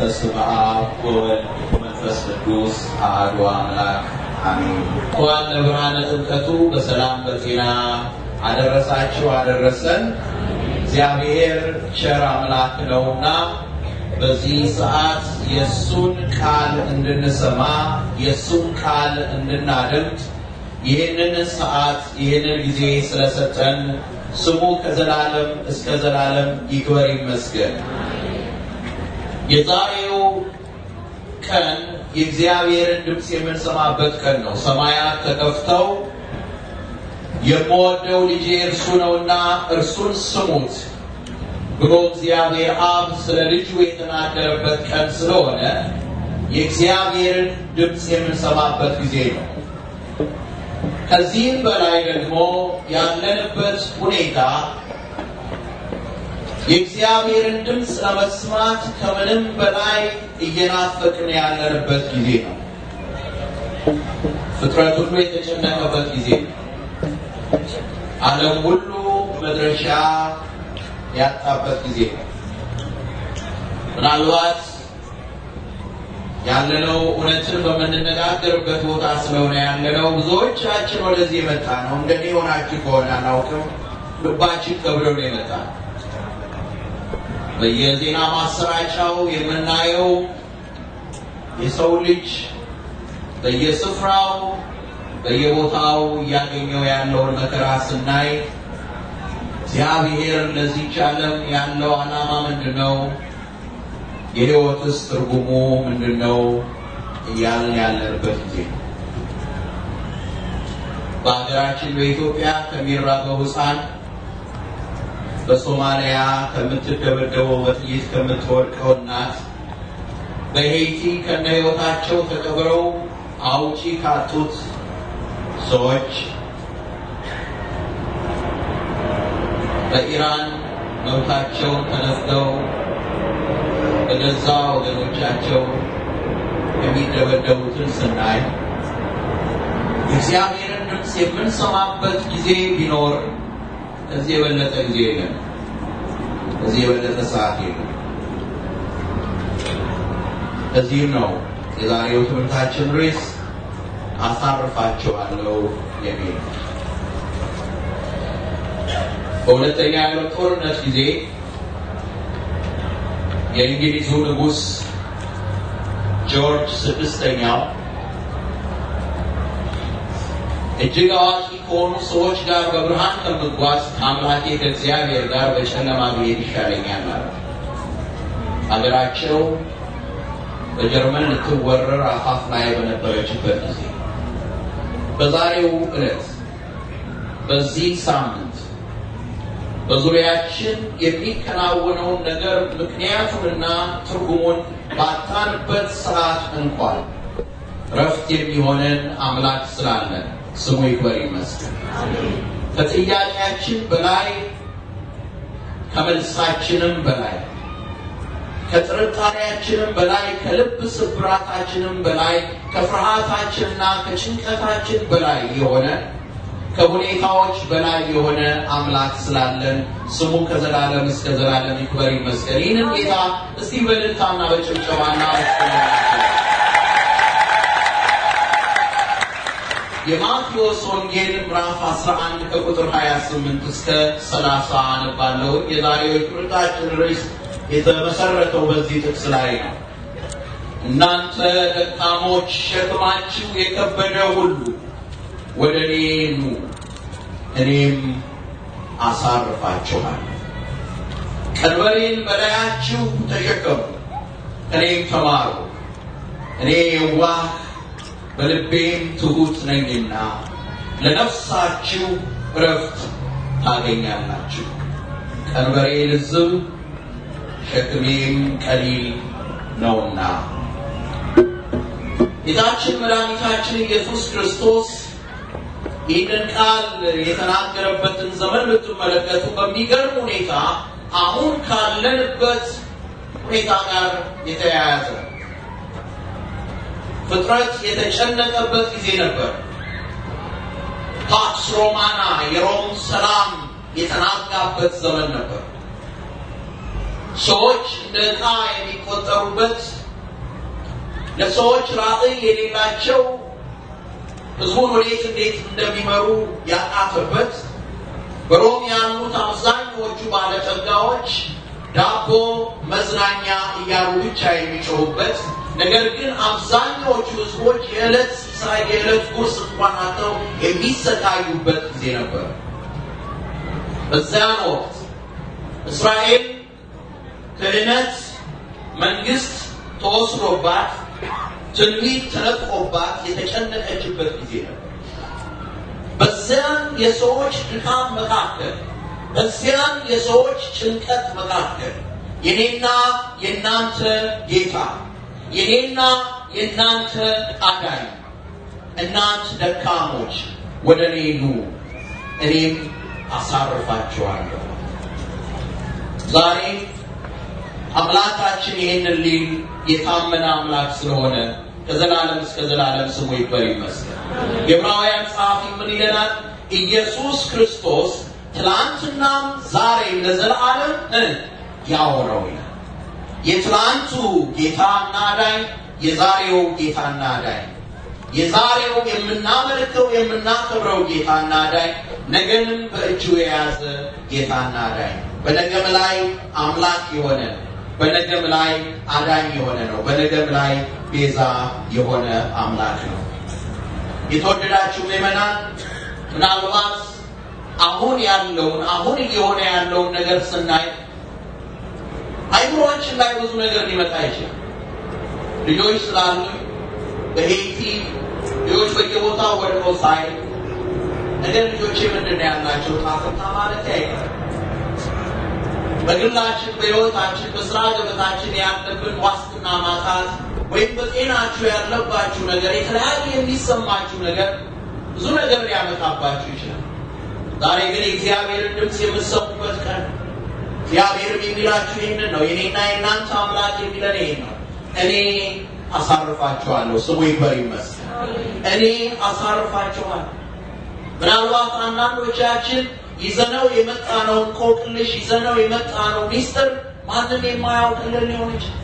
በስመ አብ ወወልድ ወመንፈስ ቅዱስ አሐዱ አምላክ አሜን። እንኳን ለብርሃነ ጥምቀቱ በሰላም በጤና አደረሳችሁ አደረሰን። እግዚአብሔር ቸር አምላክ ነውና በዚህ ሰዓት የእሱን ቃል እንድንሰማ የእሱን ቃል እንድናደምጥ ይህንን ሰዓት ይህንን ጊዜ ስለሰጠን ስሙ ከዘላለም እስከ ዘላለም ይክበር ይመስገን። የዛሬው ቀን የእግዚአብሔርን ድምፅ የምንሰማበት ቀን ነው። ሰማያት ተከፍተው የምወደው ልጄ እርሱ ነውና እርሱን ስሙት ብሎ እግዚአብሔር አብ ስለ ልጁ የተናገረበት ቀን ስለሆነ የእግዚአብሔርን ድምፅ የምንሰማበት ጊዜ ነው። ከዚህም በላይ ደግሞ ያለንበት ሁኔታ የእግዚአብሔርን ድምፅ ለመስማት ከምንም በላይ እየናፈቅን ያለንበት ጊዜ ነው። ፍጥረት ሁሉ የተጨነቀበት ጊዜ ነው። አለም ሁሉ መድረሻ ያጣበት ጊዜ ነው። ምናልባት ያለነው እውነትን በምንነጋገርበት ቦታ ስለሆነ ያለነው ብዙዎቻችን ወደዚህ የመጣ ነው። እንደኔ ሆናችሁ ከሆነ አናውቅም። ልባችን ከብዶ ነው የመጣ ነው። በየዜና ማሰራጫው የምናየው የሰው ልጅ በየስፍራው በየቦታው እያገኘው ያለውን መከራ ስናይ እግዚአብሔር ለዚች ዓለም ያለው ዓላማ ምንድን ነው? የሕይወትስ ትርጉሙ ምንድን ነው? እያልን ያለንበት ጊዜ ነው። በሀገራችን በኢትዮጵያ ከሚራበው ህፃን? በሶማሊያ ከምትደበደበው በጥይት ከምትወድቀው እናት በሄይቲ ከነ ህይወታቸው ተቀብረው አውጪ ካጡት ሰዎች በኢራን መብታቸውን ተነፍገው በገዛ ወገኖቻቸው የሚደበደቡትን ስናይ እግዚአብሔርን ድምፅ የምንሰማበት ጊዜ ቢኖር እዚህ የበለጠ ጊዜ የለም። እዚህ የበለጠ ሰዓት የለም። እዚህ ነው የዛሬው ትምህርታችን ርዕስ አሳርፋቸዋለሁ የሚል በሁለተኛ ያለው ጦርነት ጊዜ የእንግሊዙ ንጉስ ጆርጅ ስድስተኛው እጅግ አዋጅ ከሆኑ ሰዎች ጋር በብርሃን ከምጓዝ ከአምላኬ ከእግዚአብሔር ጋር በጨለማ መሄድ ይሻለኛል ማለት ሀገራቸው በጀርመን ልትወረር አፋፍ ላይ በነበረችበት ጊዜ በዛሬው ዕለት በዚህ ሳምንት በዙሪያችን የሚከናወነውን ነገር ምክንያቱንና ትርጉሙን ባታንበት ሰዓት እንኳን ረፍት የሚሆነን አምላክ ስላለን ስሙ ይክበር ይመስገን። ከጥያቄያችን በላይ ከመልሳችንም በላይ ከጥርጣሬያችንም በላይ ከልብ ስብራታችንም በላይ ከፍርሃታችንና ከጭንቀታችን በላይ የሆነ ከሁኔታዎች በላይ የሆነ አምላክ ስላለን ስሙ ከዘላለም እስከ ዘላለም ይክበር ይመስገን። ይህንን ጌታ እስቲ በልልታና በጭብጨባና የማቴዎስ ወንጌል ምዕራፍ 11 ከቁጥር 28 እስከ 30 አነባለሁ። የዛሬው ቁርጣችን ርዕስ የተመሰረተው በዚህ ጥቅስ ላይ ነው። እናንተ ደካሞች፣ ሸክማችሁ የከበደ ሁሉ ወደ እኔ ኑ፣ እኔም አሳርፋችኋለሁ። ቀንበሬን በላያችሁ ተሸከሙ፣ እኔም ተማሩ፣ እኔ የዋህ በልቤም ትሁት ነኝና ለነፍሳችሁ እረፍት ታገኛላችሁ። ቀንበሬ ልዝብ ሸክሜም ቀሊል ነውና። ጌታችን መድኃኒታችን ኢየሱስ ክርስቶስ ይህንን ቃል የተናገረበትን ዘመን ብትመለከቱ በሚገርም ሁኔታ አሁን ካለንበት ሁኔታ ጋር የተያያዘ ነው። ፍጥረት የተጨነቀበት ጊዜ ነበር። ፓክስ ሮማና የሮም ሰላም የተናጋበት ዘመን ነበር። ሰዎች እንደ ዕቃ የሚቆጠሩበት፣ ለሰዎች ራእይ የሌላቸው፣ ህዝቡን ወዴት እንዴት እንደሚመሩ ያቃተበት በሮም ያሉት አብዛኛዎቹ ባለጸጋዎች ዳቦ መዝናኛ እያሉ ብቻ የሚጮሁበት ነገር ግን አብዛኛዎቹ ህዝቦች የዕለት ሲሳይ የዕለት ቁርስ እንኳን አተው የሚሰቃዩበት ጊዜ ነበር። በዚያን ወቅት እስራኤል ክህነት መንግስት ተወስዶባት ትንቢት ተለቆባት የተጨነቀችበት ጊዜ ነበር። በዚያን የሰዎች ድካም መካከል፣ በዚያን የሰዎች ጭንቀት መካከል የኔና የእናንተ ጌታ የኔና የእናንተ አዳኝ እናንት ደካሞች ወደ እኔ ኑ እኔም አሳርፋችኋለሁ። ዛሬ አምላካችን ይህንን ሊል የታመነ አምላክ ስለሆነ ከዘላለም እስከ ዘላለም ስሙ ይበር ይመስል የብራውያን ጸሐፊ ምን ይለናል? ኢየሱስ ክርስቶስ ትላንትናም ዛሬ ለዘላለም ያወረው የትላንቱ ጌታና አዳኝ የዛሬው ጌታና አዳኝ የዛሬው የምናመልከው የምናከብረው ጌታና አዳኝ ነገንም በእጁ የያዘ ጌታና አዳኝ በነገም ላይ አምላክ የሆነ በነገም ላይ አዳኝ የሆነ ነው። በነገም ላይ ቤዛ የሆነ አምላክ ነው። የተወደዳችሁ ምዕመናን ምናልባት አሁን ያለውን አሁን እየሆነ ያለውን ነገር ስናይ አይምሮችን ላይ ብዙ ነገር ሊመጣ ይችላል። ልጆች ስላሉ በሄይቲ ልጆች በየቦታው ወድቀው ሳይ ነገር ልጆች ምንድን ያላቸው ጣፍታ ማለት አይቀርም። በግላችን፣ በህይወታችን፣ በስራ ገበታችን ያለብን ዋስትና ማጣት ወይም በጤናችሁ ያለባችሁ ነገር የተለያዩ የሚሰማችሁ ነገር ብዙ ነገር ሊያመጣባችሁ ይችላል። ዛሬ ግን የእግዚአብሔርን ድምፅ የምትሰሙበት ቀን እግዚአብሔር የሚላችሁ ይህን ነው። የኔና የእናንተ አምላክ የሚለን ይህ ነው። እኔ አሳርፋችኋለሁ። ስሙ ይበር ይመስል እኔ አሳርፋችኋለሁ። ምናልባት አንዳንዶቻችን ይዘነው የመጣ ነው ቆቅልሽ ይዘነው የመጣ ነው ሚስጥር ማንም የማያውቅልን ሊሆን ይችላል።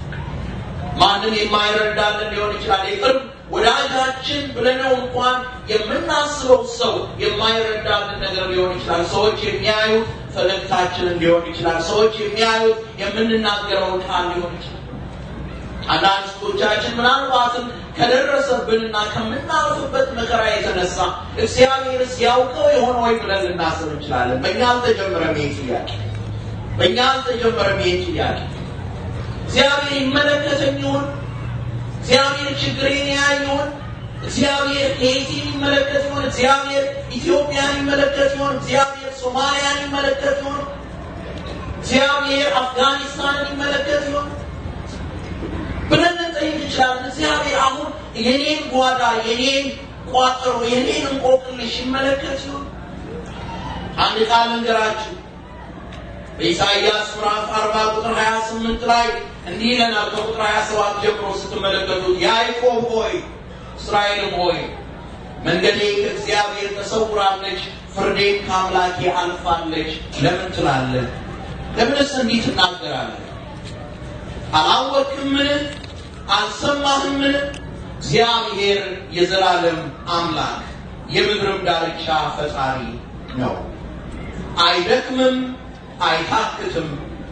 ማንም የማይረዳልን ሊሆን ይችላል። የቅርብ ወዳጃችን ብለነው እንኳን የምናስበው ሰው የማይረዳን ነገር ሊሆን ይችላል። ሰዎች የሚያዩት ፈገግታችንን ሊሆን ይችላል። ሰዎች የሚያዩት የምንናገረውን ቃል ሊሆን ይችላል። አንዳንድ ስቶቻችን ምናልባትም ከደረሰብንና ከምናረፍበት መከራ የተነሳ እግዚአብሔርስ ያውቀው የሆነ ወይ ብለን ልናስብ እንችላለን። በእኛ አልተጀመረም ይህ ጥያቄ፣ በእኛ አልተጀመረም ይህ ጥያቄ። እግዚአብሔር ይመለከተኝ ይሆን? እግዚአብሔር ችግሬን ያየውን እግዚአብሔር ኤቲን ይመለከት ይሆን? እግዚአብሔር ኢትዮጵያን ይመለከት ይሆን? እግዚአብሔር ሶማሊያን ይመለከት ይሆን? እግዚአብሔር አፍጋኒስታንን ይመለከት ይሆን ብለን ጠይቅ ይችላል እግዚአብሔር አሁን የኔን ጓዳ፣ የኔን ቋጠሮ፣ የኔን እንቆቅልሽ ይመለከት ይሆን? አንድ ቃል እንገራችሁ በኢሳይያስ ምዕራፍ 40 ቁጥር 28 ላይ እንዲህ ይለናል። ከቁጥር 27 ጀምሮ ስትመለከቱት ያዕቆብ ሆይ እስራኤልም ሆይ መንገዴ ከእግዚአብሔር ተሰውራለች፣ ፍርዴን ከአምላኬ አልፋለች ለምን ትላለህ? ለምንስ እንዲህ ትናገራለህ? አላወቅህምን? አልሰማህምን? እግዚአብሔር የዘላለም አምላክ የምድርም ዳርቻ ፈጣሪ ነው፣ አይደክምም አይታክትም፣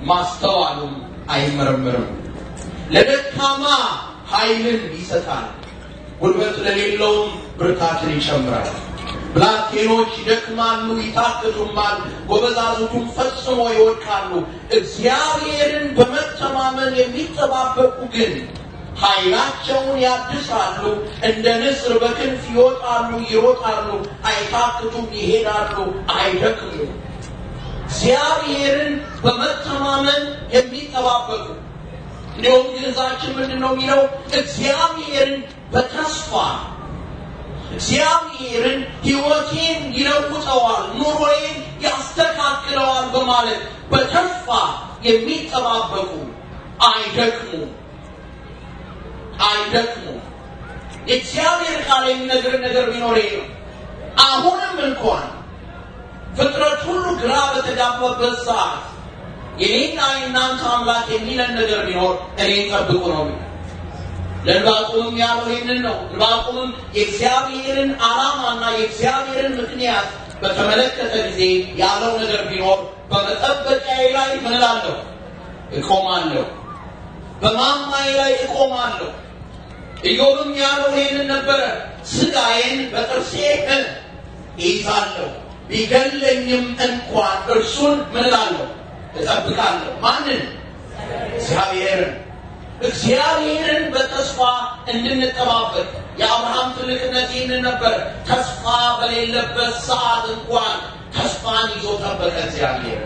ማስተዋሉም አይመረምርም። ለደካማ ኃይልን ይሰጣል፣ ጉልበት ለሌለውም ብርታትን ይጨምራል። ብላቴኖች ይደክማሉ፣ ይታክቱማል፣ ጎበዛዙቱም ፈጽሞ ይወድቃሉ። እግዚአብሔርን በመተማመን የሚጠባበቁ ግን ኃይላቸውን ያድሳሉ፣ እንደ ንስር በክንፍ ይወጣሉ፣ ይሮጣሉ፣ አይታክቱም፣ ይሄዳሉ፣ አይደክሙም። እግዚአብሔርን በመተማመን የሚጠባበቁ እንዲሁም ግንዛችን ምንድን ነው የሚለው እግዚአብሔርን በተስፋ እግዚአብሔርን ህይወቴን ይለውጠዋል፣ ኑሮዬን ያስተካክለዋል በማለት በተስፋ የሚጠባበቁ አይደክሙ አይደክሙ እግዚአብሔር ቃል የሚነግርን ነገር ቢኖር ነው አሁንም እንኳን ፍጥረት ሁሉ ግራ በተጋባበት ሰዓት የኔና የእናንተ አምላክ የሚለን ነገር ቢኖር እኔን ጠብቁ ነው። ለዕንባቆምም ያለው ይህንን ነው። ዕንባቆምም የእግዚአብሔርን ዓላማና የእግዚአብሔርን ምክንያት በተመለከተ ጊዜ ያለው ነገር ቢኖር በመጠበቂያዬ ላይ ምን እቆማለሁ። በማማዬ ላይ እቆማለሁ። ኢዮብም ያለው ይህንን ነበረ። ሥጋዬን በጥርሴ እይዛለሁ ቢገለኝም እንኳን እርሱን ምንላለሁ እጠብቃለሁ። ማንን? እግዚአብሔርን። እግዚአብሔርን በተስፋ እንድንጠባበቅ የአብርሃም ትልቅነት ይህን ነበር። ተስፋ በሌለበት ሰዓት እንኳን ተስፋን ይዞ ጠበቀ እግዚአብሔር።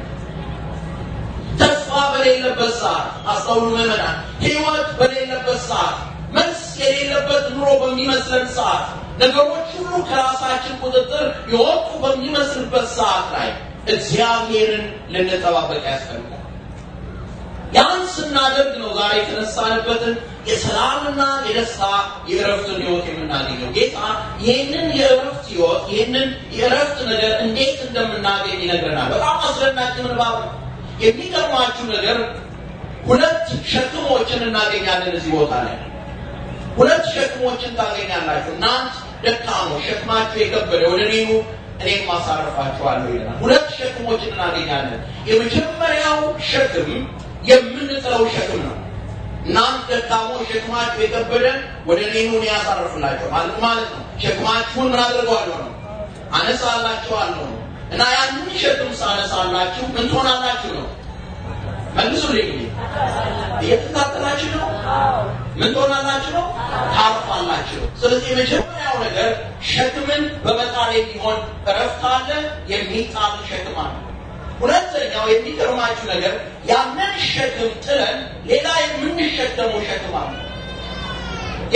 ተስፋ በሌለበት ሰዓት አስተውሉ ምዕመናን፣ ህይወት በሌለበት ሰዓት፣ መልስ የሌለበት ኑሮ በሚመስለን ሰዓት ነገሮች ሁሉ ከራሳችን ቁጥጥር የወጡ በሚመስልበት ሰዓት ላይ እግዚአብሔርን ልንጠባበቅ ያስፈልጋል። ያን ስናደርግ ነው ዛሬ የተነሳንበትን የሰላምና የደስታ የእረፍትን ህይወት የምናገኘው። ጌታ ይህንን የእረፍት ህይወት ይህንን የእረፍት ነገር እንዴት እንደምናገኝ ይነግረናል። በጣም አስደናቂ ምንባብ ነው። የሚገርማችሁ ነገር ሁለት ሸክሞችን እናገኛለን እዚህ ቦታ ላይ ሁለት ሸክሞችን ታገኛላችሁ እናንት ደካሞ ሸክማቸው የከበደ ወደ እኔ እኔም ማሳረፋቸዋለሁ ይለናል። ሁለት ሸክሞች እናገኛለን። የመጀመሪያው ሸክም የምንጥለው ሸክም ነው። እናንት ደካሞ ሸክማቸው የከበደ ወደ እኔኑ እኔ ያሳርፍላቸው ማለት ነው። ሸክማችሁን ምን አድርገዋለሁ ነው አነሳላችኋለሁ ነው እና ያንን ሸክም ሳነሳላችሁ ምን ትሆናላችሁ ነው መልሱልኝ። እየተታጠናችሁ ነው? ምን ትሆናላችሁ ነው? ታርፋላችሁ። ስለዚህ የመጀመሪያው ነገር ሸክምን በመጣል የሚሆን እረፍት አለ። የሚጣል ሸክም አለ። ሁለተኛው የሚገርማችሁ ነገር ያንን ሸክም ጥለን ሌላ የምንሸከመው ሸክም አለ።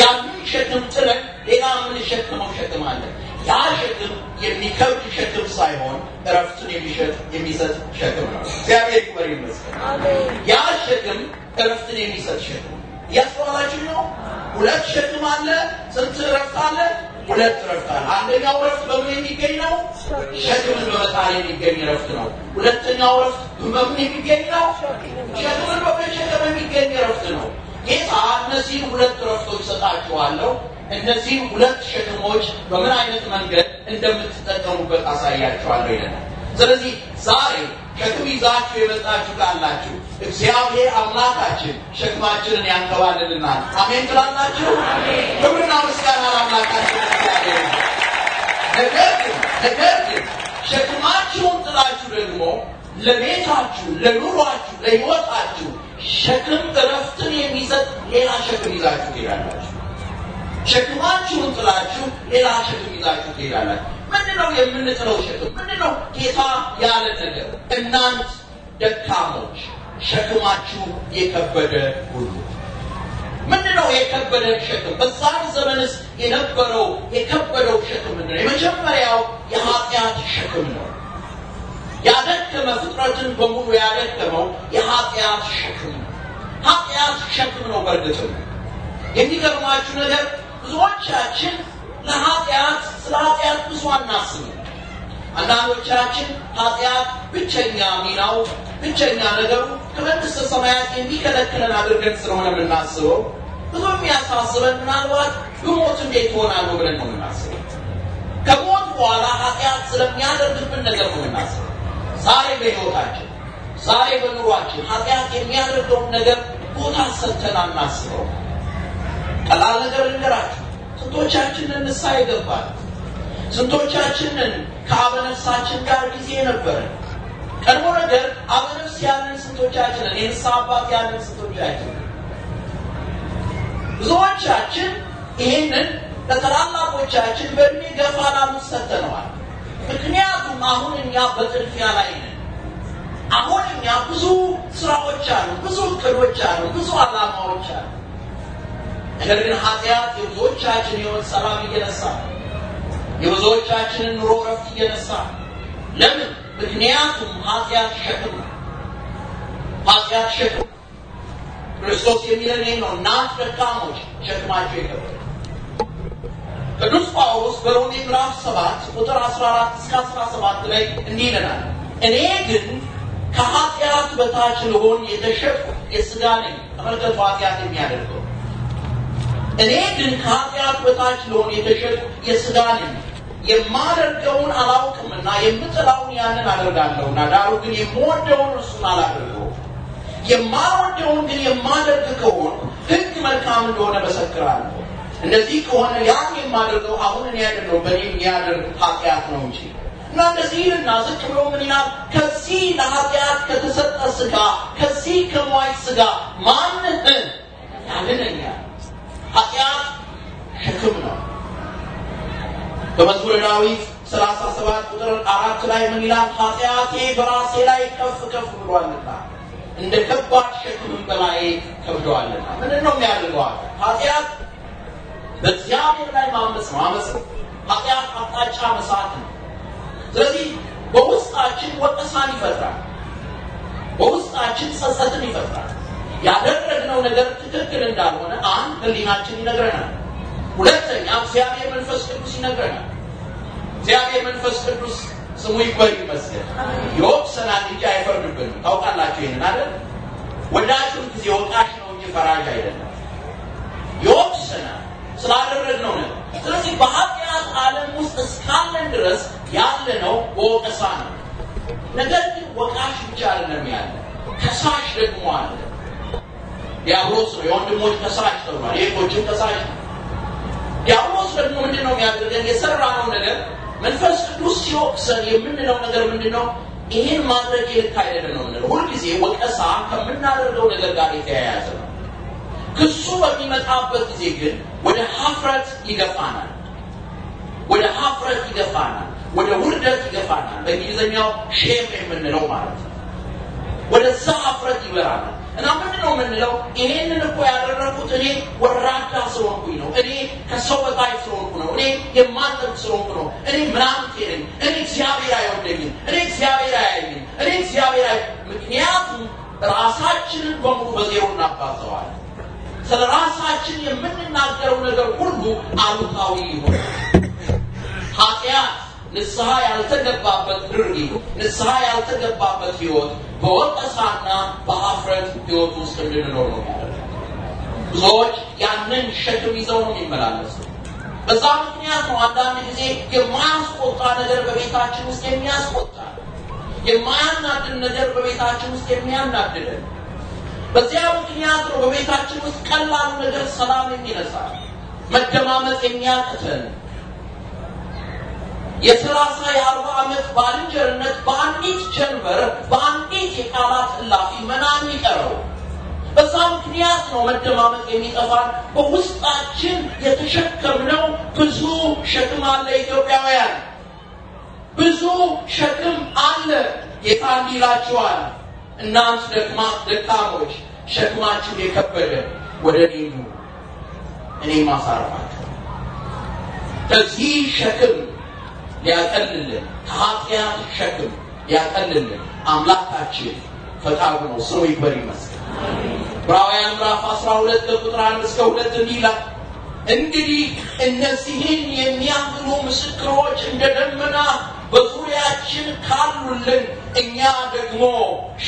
ያንን ሸክም ጥለን ሌላ የምንሸከመው ሸክም አለ። ያ ሸክም የሚከብድ ሸክም ሳይሆን እረፍቱን የሚሸጥ የሚሰጥ ሸክም ነው። እግዚአብሔር ይክበር ይመስገን። ያ ሸክም እረፍትን የሚሰጥ ሸክም እያስተዋላችሁ ነው። ሁለት ሸክም አለ። ስንት እረፍት አለ? ሁለት እረፍት አለ። አንደኛው እረፍት በምን የሚገኝ ነው? ሸክምን በመጣል የሚገኝ እረፍት ነው። ሁለተኛው እረፍት በምን የሚገኝ ነው? ሸክምን በመሸከም የሚገኝ እረፍት ነው። ጌታ እነዚህን ሁለት እረፍቶች ሰጣችኋለሁ እነዚህም ሁለት ሸክሞች በምን አይነት መንገድ እንደምትጠቀሙበት አሳያችኋለሁ ይለናል። ስለዚህ ዛሬ ሸክም ይዛችሁ የመጣችሁ ካላችሁ እግዚአብሔር አምላካችን ሸክማችንን ያንከባልልናል። አሜን ትላላችሁ? ክብርና ምስጋና ለአምላካችን ነገር ግን ነገር ግን ሸክማችሁን ጥላችሁ ደግሞ ለቤታችሁ፣ ለኑሯችሁ፣ ለሕይወታችሁ ሸክም እረፍትን የሚሰጥ ሌላ ሸክም ይዛችሁ ትሄዳላችሁ። ሸክማችሁን ጥላችሁ ሌላ ሸክም ይዛችሁ ትሄዳላችሁ። ምንድነው የምንጥለው ሸክም? ነው ጌታ ያለ ነገር? እናንት ደካሞች ሸክማችሁ የከበደ ሁሉ ምንድነው የከበደ ሸክም? በዛን ዘመንስ የነበረው የከበደው ሸክም ምንድነው? የመጀመሪያው የኃጢአት ሸክም ነው። ያደከመ ፍጥረትን በሙሉ ያደከመው የኃጢአት ሸክም ነው። ኃጢአት ሸክም ነው። በእርግጥም የሚገርማችሁ ነገር ብዙዎቻችን ለኃጢአት ስለ ኃጢአት ብዙ አናስብም። አንዳንዶቻችን ኃጢአት ብቸኛ ሚናው ብቸኛ ነገሩ ከመንግስተ ሰማያት የሚከለክለን አድርገን ስለሆነ የምናስበው ብዙ የሚያሳስበን ምናልባት ብሞት እንዴት እሆናለሁ ብለን ነው የምናስበው። ከሞት በኋላ ኃጢአት ስለሚያደርግብን ነገር ነው የምናስበው። ዛሬ በሕይወታችን ዛሬ በኑሯችን ኃጢአት የሚያደርገውን ነገር ቦታ ሰጥተን አናስበው። ቀላል ነገር ልንገራችሁ። ስንቶቻችንን ንስሐ ይገባል? ስንቶቻችንን ከአበነፍሳችን ጋር ጊዜ ነበረ ቀድሞ ነገር አበነፍስ ያንን ስንቶቻችንን? የንስሐ አባት ያንን ስንቶቻችንን? ብዙዎቻችን ይህንን ለተላላቆቻችን በእድሜ ገፋ ላሉት ሰጥተነዋል። ምክንያቱም አሁን እኛ በጥድፊያ ላይ ነን። አሁን እኛ ብዙ ስራዎች አሉ፣ ብዙ እቅዶች አሉ፣ ብዙ አላማዎች አሉ። ነገር ግን ኃጢአት የብዙዎቻችን የሆን ሰላም እየነሳ የብዙዎቻችንን ኑሮ ረፍት እየነሳ ለምን? ምክንያቱም ኃጢአት ሸክም ነው። ኃጢአት ሸክም ክርስቶስ የሚለን ይህ ነው፣ እናንተ ደካሞች ሸክማቸው ይገባል ቅዱስ ጳውሎስ በሮሜ ምዕራፍ 7 ቁጥር 14 እስከ 17 ላይ እንዲህ ይለናል፣ እኔ ግን ከኃጢአት በታች ልሆን የተሸጥኩ የስጋ ነኝ። ተመልከቱ ኃጢአት የሚያደርገው እኔ ግን ከኃጢአት በታች ለሆን የተሸጥኩ የስጋ ነኝ። የማደርገውን አላውቅምና የምጠላውን ያንን አደርጋለሁና፣ ዳሩ ግን የምወደውን እርሱን አላደርገውም። የማወደውን ግን የማደርግ ከሆን ህግ መልካም እንደሆነ መሰክራለሁ። እንደዚህ ከሆነ ያን የማደርገው አሁን እኔ አይደለሁ በእኔ የሚያደርግ ኃጢአት ነው እንጂ እና እንደዚህ ይልና ዝቅ ብሎ ምን ይላል? ከዚህ ለኃጢአት ከተሰጠ ስጋ ከዚህ ከሟይ ስጋ ማንህን ያድነኛል? ኃጢአት ሸክም ነው በመዝሙረ ዳዊት ሰላሳ ቁጥር አራት ላይ ምን ይላል ኃጢአቴ በራሴ ላይ ከፍ ከፍ ብሏልና እንደ ከባድ ሸክምም በላይ ከብደዋልና ምንድን ነው የሚያደርገዋል ኃጢአት በእግዚአብሔር ላይ ማመፅ ነው አመፅ ኃጢአት አቅጣጫ መሳት ነው ስለዚህ በውስጣችን ወቀሳን ይፈጥራል በውስጣችን ጸጸትን ይፈጥራል ያደረግነው ነገር ትክክል እንዳልሆነ አንድ ህሊናችን ይነግረናል። ሁለተኛ እግዚአብሔር መንፈስ ቅዱስ ይነግረናል። እግዚአብሔር መንፈስ ቅዱስ ስሙ ይቆይ ይመስል ዮብ ሰላም እንጂ አይፈርድብንም። ታውቃላችሁ ይህንን አይደል? ወዳችሁም ጊዜ ወቃሽ ነው እንጂ ፈራጅ አይደለም። ዮብ ሰላም ስላደረግነው ነገር ስለዚህ በኃጢአት ዓለም ውስጥ እስካለን ድረስ ያለነው ወቀሳ ነው። ነገር ግን ወቃሽ ብቻ አይደለም ያለ ከሳሽ ደግሞ አለ። ዲያብሎስ ነው። የወንድሞች ከስራች ተብሏል። የእህቶችም ከስራች ነው። ዲያብሎስ ደግሞ ምንድን ነው የሚያደርገን? የሰራነው ነገር መንፈስ ቅዱስ ሲወቅሰን የምንለው ነገር ምንድን ነው? ይህን ማድረግ ልክ አይደለም ነው የምንለው። ሁልጊዜ ወቀሳ ከምናደርገው ነገር ጋር የተያያዘ ነው። ክሱ በሚመጣበት ጊዜ ግን ወደ ሀፍረት ይገፋናል። ወደ ሀፍረት ይገፋናል። ወደ ውርደት ይገፋናል። በእንግሊዝኛው ሼም የምንለው ማለት ነው። ወደዛ ሀፍረት ይበራናል። እና ምንድን ነው የምንለው? ይሄንን እኮ ያደረኩት እኔ ወራዳ ስለሆንኩኝ ነው። እኔ ከሰው በታች ስለሆንኩ ነው። እኔ የማጠብ ስለሆንኩ ነው። እኔ ምናምቴ ነኝ። እኔ እግዚአብሔር አይወደኝም። እኔ እግዚአብሔር አያየኝም። እኔ እግዚአብሔር አይ ምክንያቱም ራሳችንን በሙሉ በዜሮ እናባዘዋለን። ስለ ራሳችን የምንናገረው ነገር ሁሉ አሉታዊ ይሆናል። ኃጢአት ንስሐ ያልተገባበት ድርጊት፣ ንስሐ ያልተገባበት ህይወት በወቀሳና በአፍረት ህይወት ውስጥ እንድንኖር ነው ብዙዎች ያንን ሸክም ይዘው ነው የሚመላለሱ። በዛ ምክንያት ነው አንዳንድ ጊዜ የማያስቆጣ ነገር በቤታችን ውስጥ የሚያስቆጣ የማያናድን ነገር በቤታችን ውስጥ የሚያናድደን። በዚያ ምክንያት ነው በቤታችን ውስጥ ቀላሉ ነገር ሰላም የሚነሳ መደማመጥ የሚያቅተን የሰላሳ የአርባ ዓመት ባልንጀርነት በአንዲት ጀንበር በአንዲት የቃላት እላፊ መናን ይቀረው በዛ ምክንያት ነው መደማመጥ የሚጠፋን። በውስጣችን የተሸከምነው ብዙ ሸክም አለ። ኢትዮጵያውያን ብዙ ሸክም አለ። ጌታ እንዲህ እናንት ደክማ ደካሞች፣ ሸክማችሁ የከበደ ወደ እኔ ኑ፣ እኔም ከዚህ ሸክም ሊያቀልልን ከኃጢአት ሸክም ሊያቀልልን አምላካችን ፈቃዱ ነው። ስሙ ይክበር ይመስል ዕብራውያን ምዕራፍ 12 ከቁጥር 1 እስከ 2 እንዲላል እንግዲህ እነዚህን የሚያምኑ ምስክሮች እንደ ደመና በዙሪያችን ካሉልን እኛ ደግሞ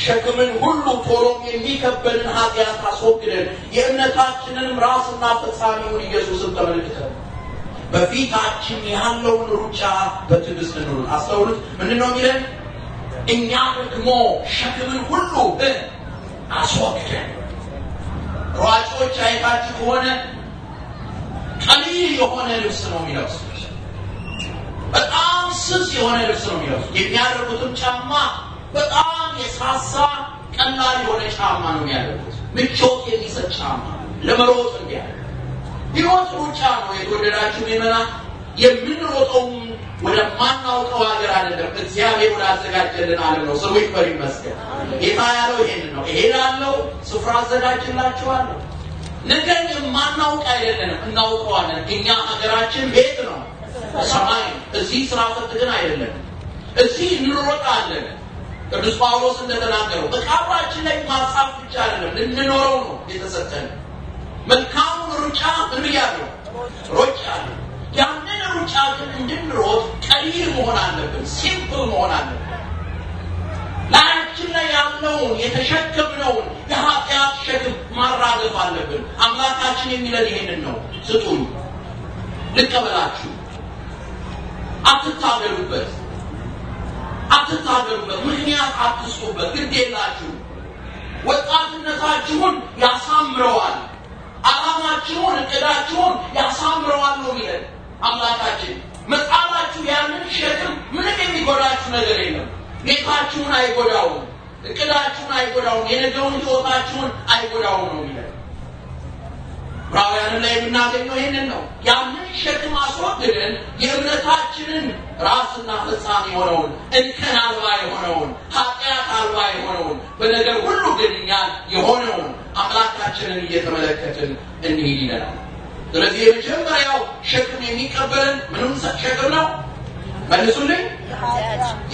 ሸክምን ሁሉ ቶሎም የሚከበልን ኃጢአት አስወግደን የእምነታችንንም ራስና ፈጻሚውን ኢየሱስን ተመልክተን በፊታችን ያለውን ሩጫ በትዕግስት ኑሩ። አስተውሉት። ምንድን ነው የሚለን? እኛ ደግሞ ሸክምን ሁሉ አስወግደን። ሯጮች አይታችሁ ከሆነ ቀሊል የሆነ ልብስ ነው የሚለብሱት። በጣም ስስ የሆነ ልብስ ነው የሚለብሱት። የሚያደርጉትም ጫማ በጣም የሳሳ ቀላል የሆነ ጫማ ነው የሚያደርጉት። ምቾት የሚሰጥ ጫማ ለመሮጥ እንዲያደርጉ ህይወት ሩጫ ነው። የተወደዳችሁ ምዕመና የምንሮጠው ማናውቀው ሀገር አይደለም፣ እግዚአብሔር ወደ አዘጋጀልን አለ ነው። ስሙ ይክበር ይመስገን። ጌታ ያለው ይሄን ነው። እሄዳለሁ፣ ስፍራ አዘጋጅላችኋለሁ። ነገር የማናውቅ አይደለንም፣ እናውቀዋለን። እኛ ሀገራችን ቤት ነው፣ ሰማይ ነው። እዚህ ስራ ፈት ግን አይደለም፣ እዚህ እንሮጣለን። ቅዱስ ጳውሎስ እንደተናገረው በቃብራችን ላይ ማጻፍ ብቻ አይደለም፣ ልንኖረው ነው የተሰጠን መልካሙን ሩጫ ምን ብያለሁ? ሮጫለሁ። ያንን ሩጫ ግን እንድንሮጥ ቀሊል መሆን አለብን። ሲምፕል መሆን አለብን። ላያችን ላይ ያለውን የተሸከምነውን የኃጢአት ሸክም ማራገፍ አለብን። አምላካችን የሚለን ይሄንን ነው። ስጡኝ፣ ልቀበላችሁ። አትታገሉበት፣ አትታገሉበት፣ ምክንያት አትስጡበት፣ ግድ የላችሁ። ወጣትነታችሁን ያሳምረዋል። አላማችሁን እቅዳችሁን ያሳምረዋል ነው የሚለን አምላካችን። መጣላችሁ ያንን ሸክም ምንም የሚጎዳችሁ ነገር የለም። አይጎዳውም፣ እቅዳችሁን አይጎዳውም፣ የነገውን ሕይወታችሁን አይጎዳውም ነው የሚለን ዕብራውያንም ላይ የምናገኘው ይህንን ነው። ያንን ሸክም አስወግደን የእምነታችንን ራስና ፍጻሜ የሆነውን እንከን አልባ የሆነውን ኃጢአት አልባ የሆነውን በነገር ሁሉ ግን እኛን የሆነውን አምላካችንን እየተመለከትን እንሂድ ይለናል። ስለዚህ የመጀመሪያው ሸክም የሚቀበልን ምንም ሸክም ነው። መልሱልኝ።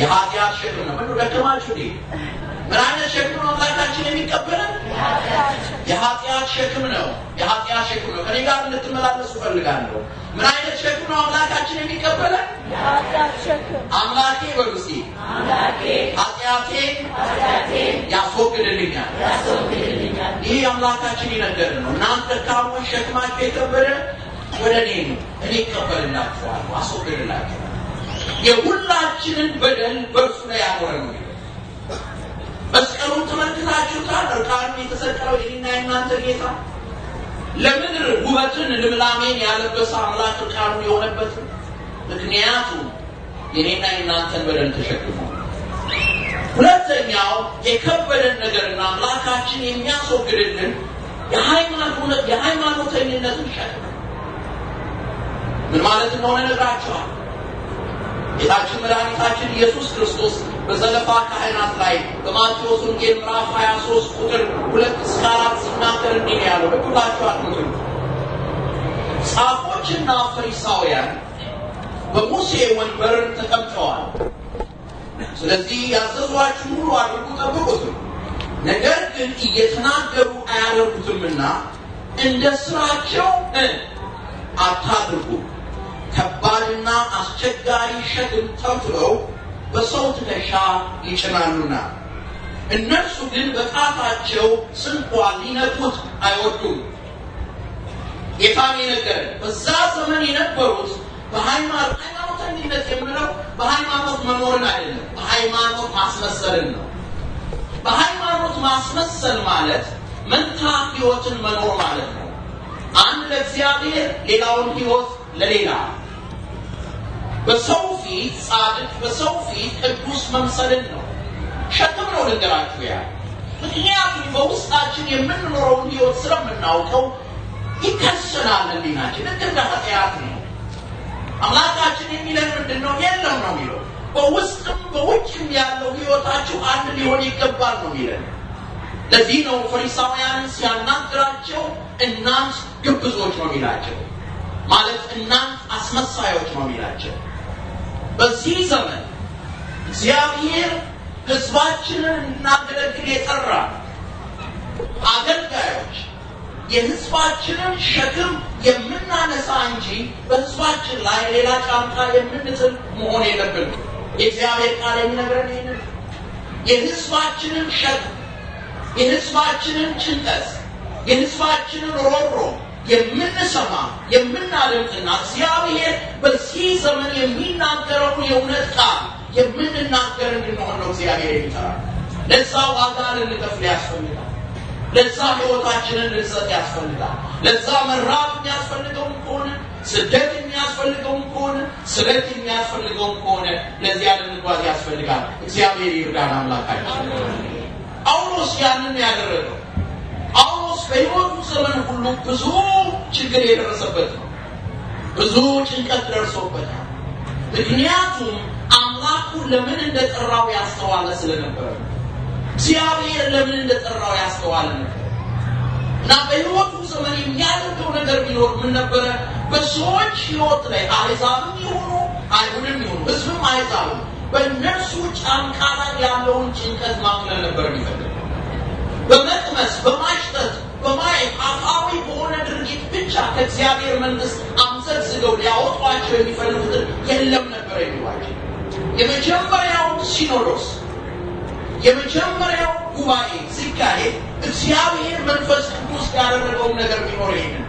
የኃጢአት ሸክም ነው። ምንዱ ደከማችሁ? ብርሃንን ሸክም ነው አምላካችን የሚቀበለን የኃጢአት ሸክም ነው። የኃጢአት ሸክም ነው። ከኔ ጋር እንድትመላለሱ ፈልጋለሁ። ምን አይነት ሸክም ነው አምላካችን የሚቀበለን? አምላኬ በሉሲ ኃጢአቴ ያስወግድልኛል። ይህ አምላካችን ይነገር ነው። እናንተ ካሁ ሸክማቸው የከበደ ወደ እኔ ነው፣ እኔ ይቀበልላችኋለሁ፣ አስወግድላችኋል። የሁላችንን በደል በእርሱ ላይ ያኖረ ነው ጌታ ለምድር ውበትን ልምላሜን ያለበሰ አምላክ ቃሉን የሆነበት ምክንያቱ የኔና የናንተን በደን ተሸክሞ ሁለተኛው የከበደን ነገርና አምላካችን የሚያስወግድልን የሃይማኖተኝነትን ሸክም ምን ማለት እንደሆነ ነግራቸዋል ጌታችን መድኃኒታችን ኢየሱስ ክርስቶስ በዘለፋ ካህናት ላይ በማቴዎስ ወንጌል ምዕራፍ 23 ቁጥር ሁለት እስከ አራት ሲናገር እንዲህ ነው ያለው። በኩላቸው ጻፎችና ፈሪሳውያን በሙሴ ወንበር ተቀምጠዋል። ስለዚህ ያዘዟችሁ ሁሉ አድርጉ፣ ጠብቁት። ነገር ግን እየተናገሩ አያደርጉትምና እንደ ስራቸው አታድርጉ። ከባድና አስቸጋሪ ሸክም ተብትለው በሰው ትከሻ ይጭናሉና እነርሱ ግን በጣታቸው ስንኳ ሊነቁት አይወዱም። ጌታም የነገረን በዛ ዘመን የነበሩት በሃይማኖት ሃይማኖተኝነት የምለው በሃይማኖት መኖርን አይደለም፣ በሃይማኖት ማስመሰልን ነው። በሃይማኖት ማስመሰል ማለት መንታ ህይወትን መኖር ማለት ነው። አንድ ለእግዚአብሔር፣ ሌላውን ህይወት ለሌላ በሰው ፊት ጻድቅ፣ በሰው ፊት ቅዱስ መምሰልን ነው። ሸክም ነው ልንገራችሁ ያ ምክንያቱም በውስጣችን የምንኖረውን ህይወት ስለምናውቀው ይከስናል ህሊናችን። ልክ እንደ ኃጢአት ነው። አምላካችን የሚለን ምንድን ነው? የለም ነው የሚለው። በውስጥም በውጭም ያለው ህይወታችሁ አንድ ሊሆን ይገባል ነው የሚለን። ለዚህ ነው ፈሪሳውያንን ሲያናግራቸው እናንት ግብዞች ነው የሚላቸው። ማለት እናንት አስመሳዮች ነው የሚላቸው። በዚህ ዘመን እግዚአብሔር ህዝባችንን እናገለግል የጠራ አገልጋዮች የህዝባችንን ሸክም የምናነሳ እንጂ በህዝባችን ላይ ሌላ ጫምታ የምንጥል መሆን የለብንም። የእግዚአብሔር ቃል የሚነግረን ይህንን የህዝባችንን ሸክም፣ የህዝባችንን ጭንቀት፣ የህዝባችንን ሮሮ የምንሰማ የምናደምጥና እግዚአብሔር በዚህ ዘመን የሚናገረውን የእውነት ቃል የምንናገር እንድንሆን ነው እግዚአብሔር የሚጠራል። ለዛ ዋጋ ልንከፍል ያስፈልጋል። ለዛ ህይወታችንን ልንሰጥ ያስፈልጋል። ለዛ መራብ የሚያስፈልገውን ከሆነ ስደት የሚያስፈልገውን ከሆነ ስለት የሚያስፈልገውም ከሆነ ለዚያ ልንጓዝ ያስፈልጋል። እግዚአብሔር ይርዳን አምላካችን። ጳውሎስ ያንን ያደረገው ጳውሎስ በሕይወቱ ዘመን ሁሉ ብዙ ችግር የደረሰበት ነው። ብዙ ጭንቀት ደርሶበታል። ምክንያቱም አምላኩ ለምን እንደጠራው ያስተዋለ ስለነበረ እግዚአብሔር ለምን እንደጠራው ያስተዋለ ነበር እና በሕይወቱ ዘመን የሚያደርገው ነገር ቢኖር ምን ነበረ? በሰዎች ሕይወት ላይ አሕዛብም የሆኑ አይሁንም የሆኑ ህዝብም አይዛብም በእነርሱ ጫንቃ ላይ ያለውን ጭንቀት ማቅለል ነበር የሚፈልግ በመጥመስ በማሽተት አፋዊ በሆነ ድርጊት ብቻ ከእግዚአብሔር መንግስት አምዘግዝገው ሊያወጧቸው የሚፈልጉትን የለም ነበር የሚሏቸው። የመጀመሪያው ሲኖዶስ የመጀመሪያው ጉባኤ ሲካሄድ እግዚአብሔር መንፈስ ቅዱስ ያደረገውን ነገር ቢኖር ይሄንን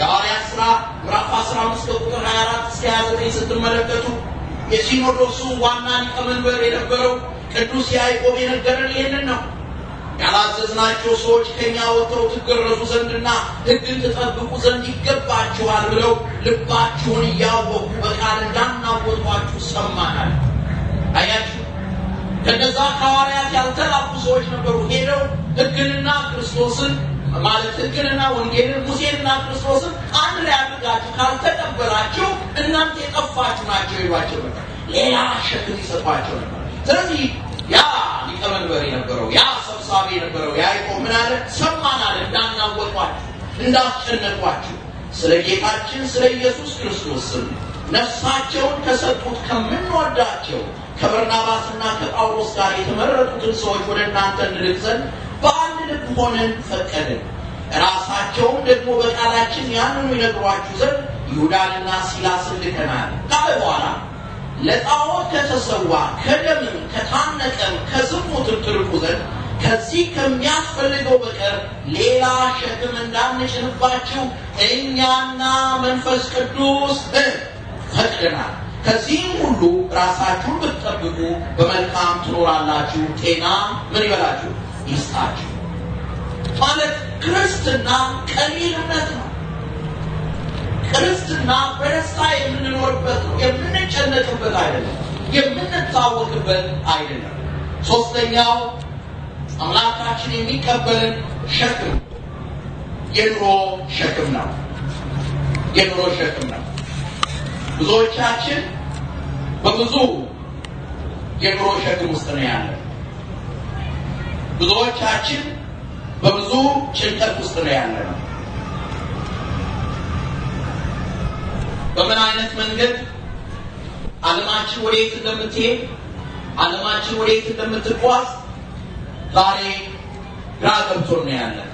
የሐዋርያት ሥራ ምዕራፍ 15 ከቁጥር 24 እስከ 29 ስትመለከቱ የሲኖዶሱ ዋና ሊቀመንበር የነበረው ቅዱስ ያዕቆብ የነገረን ይህንን ነው። ያላዘዝናቸው ሰዎች ከኛ ወጥተው ትገረዙ ዘንድና ሕግን ትጠብቁ ዘንድ ይገባችኋል ብለው ልባችሁን እያወቁ በቃል እንዳናወጧችሁ ሰማናል። አያችሁ፣ ከነዛ ሐዋርያት ያልተላኩ ሰዎች ነበሩ። ሄደው ሕግንና ክርስቶስን ማለት ሕግንና ወንጌልን ሙሴንና ክርስቶስን አንድ ላይ አድርጋችሁ ካልተቀበላችሁ እናንተ የጠፋችሁ ናቸው ይሏቸው ነበር። ሌላ ሸክም ይሰጧቸው ነበር። ስለዚህ ያ ሊቀመንበር የነበረው ያ ሰብሳቢ የነበረው ያዕቆብ ምን አለ? ሰማን አለ እንዳናወጧችሁ፣ እንዳስጨነቋችሁ ስለ ጌታችን ስለ ኢየሱስ ክርስቶስ ስም ነፍሳቸውን ከሰጡት ከምንወዳቸው ከበርናባስና ከጳውሎስ ጋር የተመረጡትን ሰዎች ወደ እናንተ እንልክ ዘንድ በአንድ ልብ ሆነን ፈቀድን። ራሳቸውም ደግሞ በቃላችን ያንኑ ይነግሯችሁ ዘንድ ይሁዳንና ሲላስን ልከናል ካለ በኋላ ለጣዖት ከተሰዋ ከደምም ከታነቀም ከዝሙትም ትርቁ ዘንድ ከዚህ ከሚያስፈልገው በቀር ሌላ ሸክም እንዳንጭንባችሁ እኛና መንፈስ ቅዱስ ፈቅደናል። ከዚህም ሁሉ ራሳችሁን ብትጠብቁ በመልካም ትኖራላችሁ። ጤና ምን ይበላችሁ ይስጣችሁ። ማለት ክርስትና ቀሊልነት ነው። ክርስትና በደስታ የምንኖርበት የምንጨነቅበት አይደለም፣ የምንታወቅበት አይደለም። ሶስተኛው አምላካችን የሚቀበልን ሸክም የኑሮ ሸክም ነው። የኑሮ ሸክም ነው። ብዙዎቻችን በብዙ የኑሮ ሸክም ውስጥ ነው ያለ። ብዙዎቻችን በብዙ ጭንቀት ውስጥ ነው ያለ ነው። በምን አይነት መንገድ አለማችን ወዴት እንደምትሄድ አለማችን ወዴት እንደምትጓዝ ዛሬ ግራ ገብቶን ነው ያለን።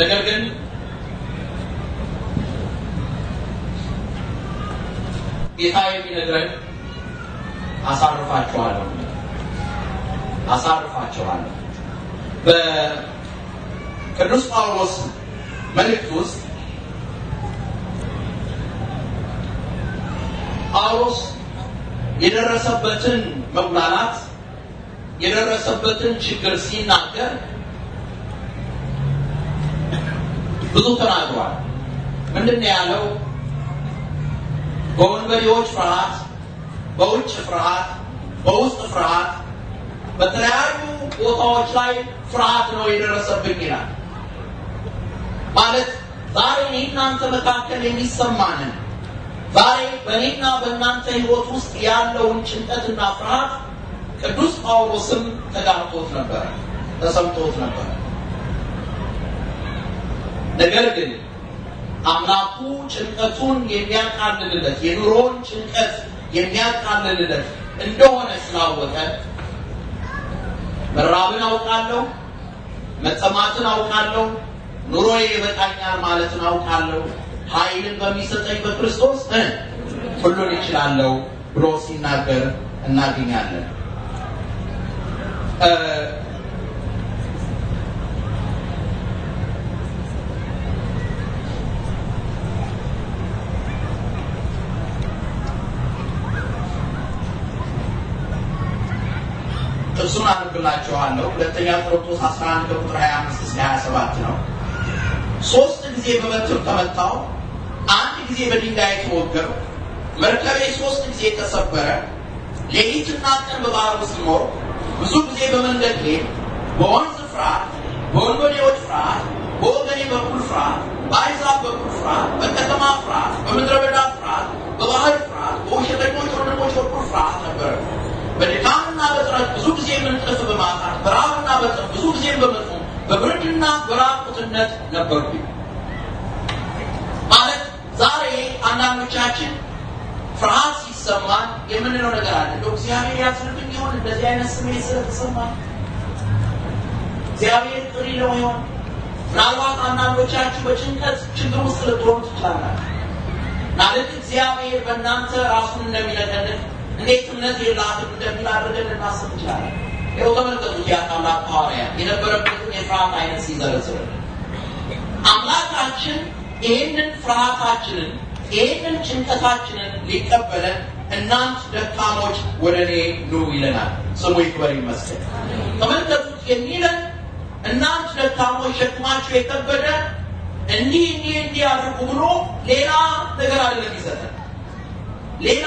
ነገር ግን ጌታ የሚነግረን አሳርፋቸዋለሁ፣ አሳርፋቸዋለሁ ቅዱስ ጳውሎስ መልእክት ውስጥ ጳውሎስ የደረሰበትን መጉላላት የደረሰበትን ችግር ሲናገር ብዙ ተናግሯል። ምንድን ያለው? በወንበዴዎች ፍርሃት፣ በውጭ ፍርሃት፣ በውስጥ ፍርሃት፣ በተለያዩ ቦታዎች ላይ ፍርሃት ነው የደረሰብኝ ይላል። ማለት ዛሬ እናንተ መካከል የሚሰማንን ዛሬ በእኔና በእናንተ ህይወት ውስጥ ያለውን ጭንቀትና ፍርሃት ቅዱስ ጳውሎስም ተጋርጦት ነበረ፣ ተሰምቶት ነበረ። ነገር ግን አምላኩ ጭንቀቱን የሚያቃልልለት የኑሮውን ጭንቀት የሚያቃልልለት እንደሆነ ስላወቀ መራብን አውቃለሁ፣ መጠማትን አውቃለሁ ኑሮዬ ይበቃኛል ነው አውቃለሁ፣ ኃይልን በሚሰጠኝ በክርስቶስ ሁሉን ይችላለው ብሎ ሲናገር እናገኛለን። ጥቅሱን አነብላችኋለሁ። ሁለተኛ ቆሮንቶስ 11 ቁጥር 25 ጊዜ በመትር ተመታው፣ አንድ ጊዜ በድንጋይ ተወገሩ፣ መርከቤ ሶስት ጊዜ ተሰበረ። ሌሊትና ቀን በባህር ውስጥ ኖር ብዙ ጊዜ በመንገድ ሄድ፣ በወንዝ ፍርሃት፣ በወንበዴዎች ፍርሃት፣ በወገኔ በኩል ፍርሃት፣ በአይዛብ በኩል ፍርሃት፣ በከተማ ፍርሃት፣ በምድረ በዳ ፍርሃት፣ በባህር ፍርሃት፣ በውሸተኞች ወንድሞች በኩል ፍርሃት ነበረ። በድካምና በጥረት ብዙ ጊዜ እንቅልፍ በማጣት በረሃብና በጥረት ብዙ ጊዜም በመጾም በብርድና በራቁትነት ነበርኩኝ። ዛሬ አንዳንዶቻችን ፍርሃት ሲሰማን የምንለው ነገር አለ። እንደው እግዚአብሔር ያዝንብኝ ይሆን? እንደዚህ አይነት ስሜት ስለተሰማ እግዚአብሔር ጥሪ ነው ይሆን? ምናልባት አንዳንዶቻችሁ በጭንቀት ችግር ውስጥ ልትሆኑ ትቻላል ማለት እግዚአብሔር በእናንተ ራሱን እንደሚለቀልን እንዴት እምነት የላት እንደሚላደርገን ልናስብ ይቻላል ይኸው ተመልከቱ ያት አምላክ ሐዋርያ የነበረበትን የፍርሃት አይነት ሲዘረዝር አምላካችን ይህንን ፍርሃታችንን ይህንን ጭንቀታችንን ሊቀበለን እናንት ደካሞች ወደ እኔ ኑ ይለናል። ስሙ ይክበር ይመስገን። ተመልከቱት የሚለን እናንት ደካሞች ሸክማችሁ የከበደ እንዲህ እንዲህ እንዲህ አድርጉ ብሎ ሌላ ነገር አይደለም ይሰጠን፣ ሌላ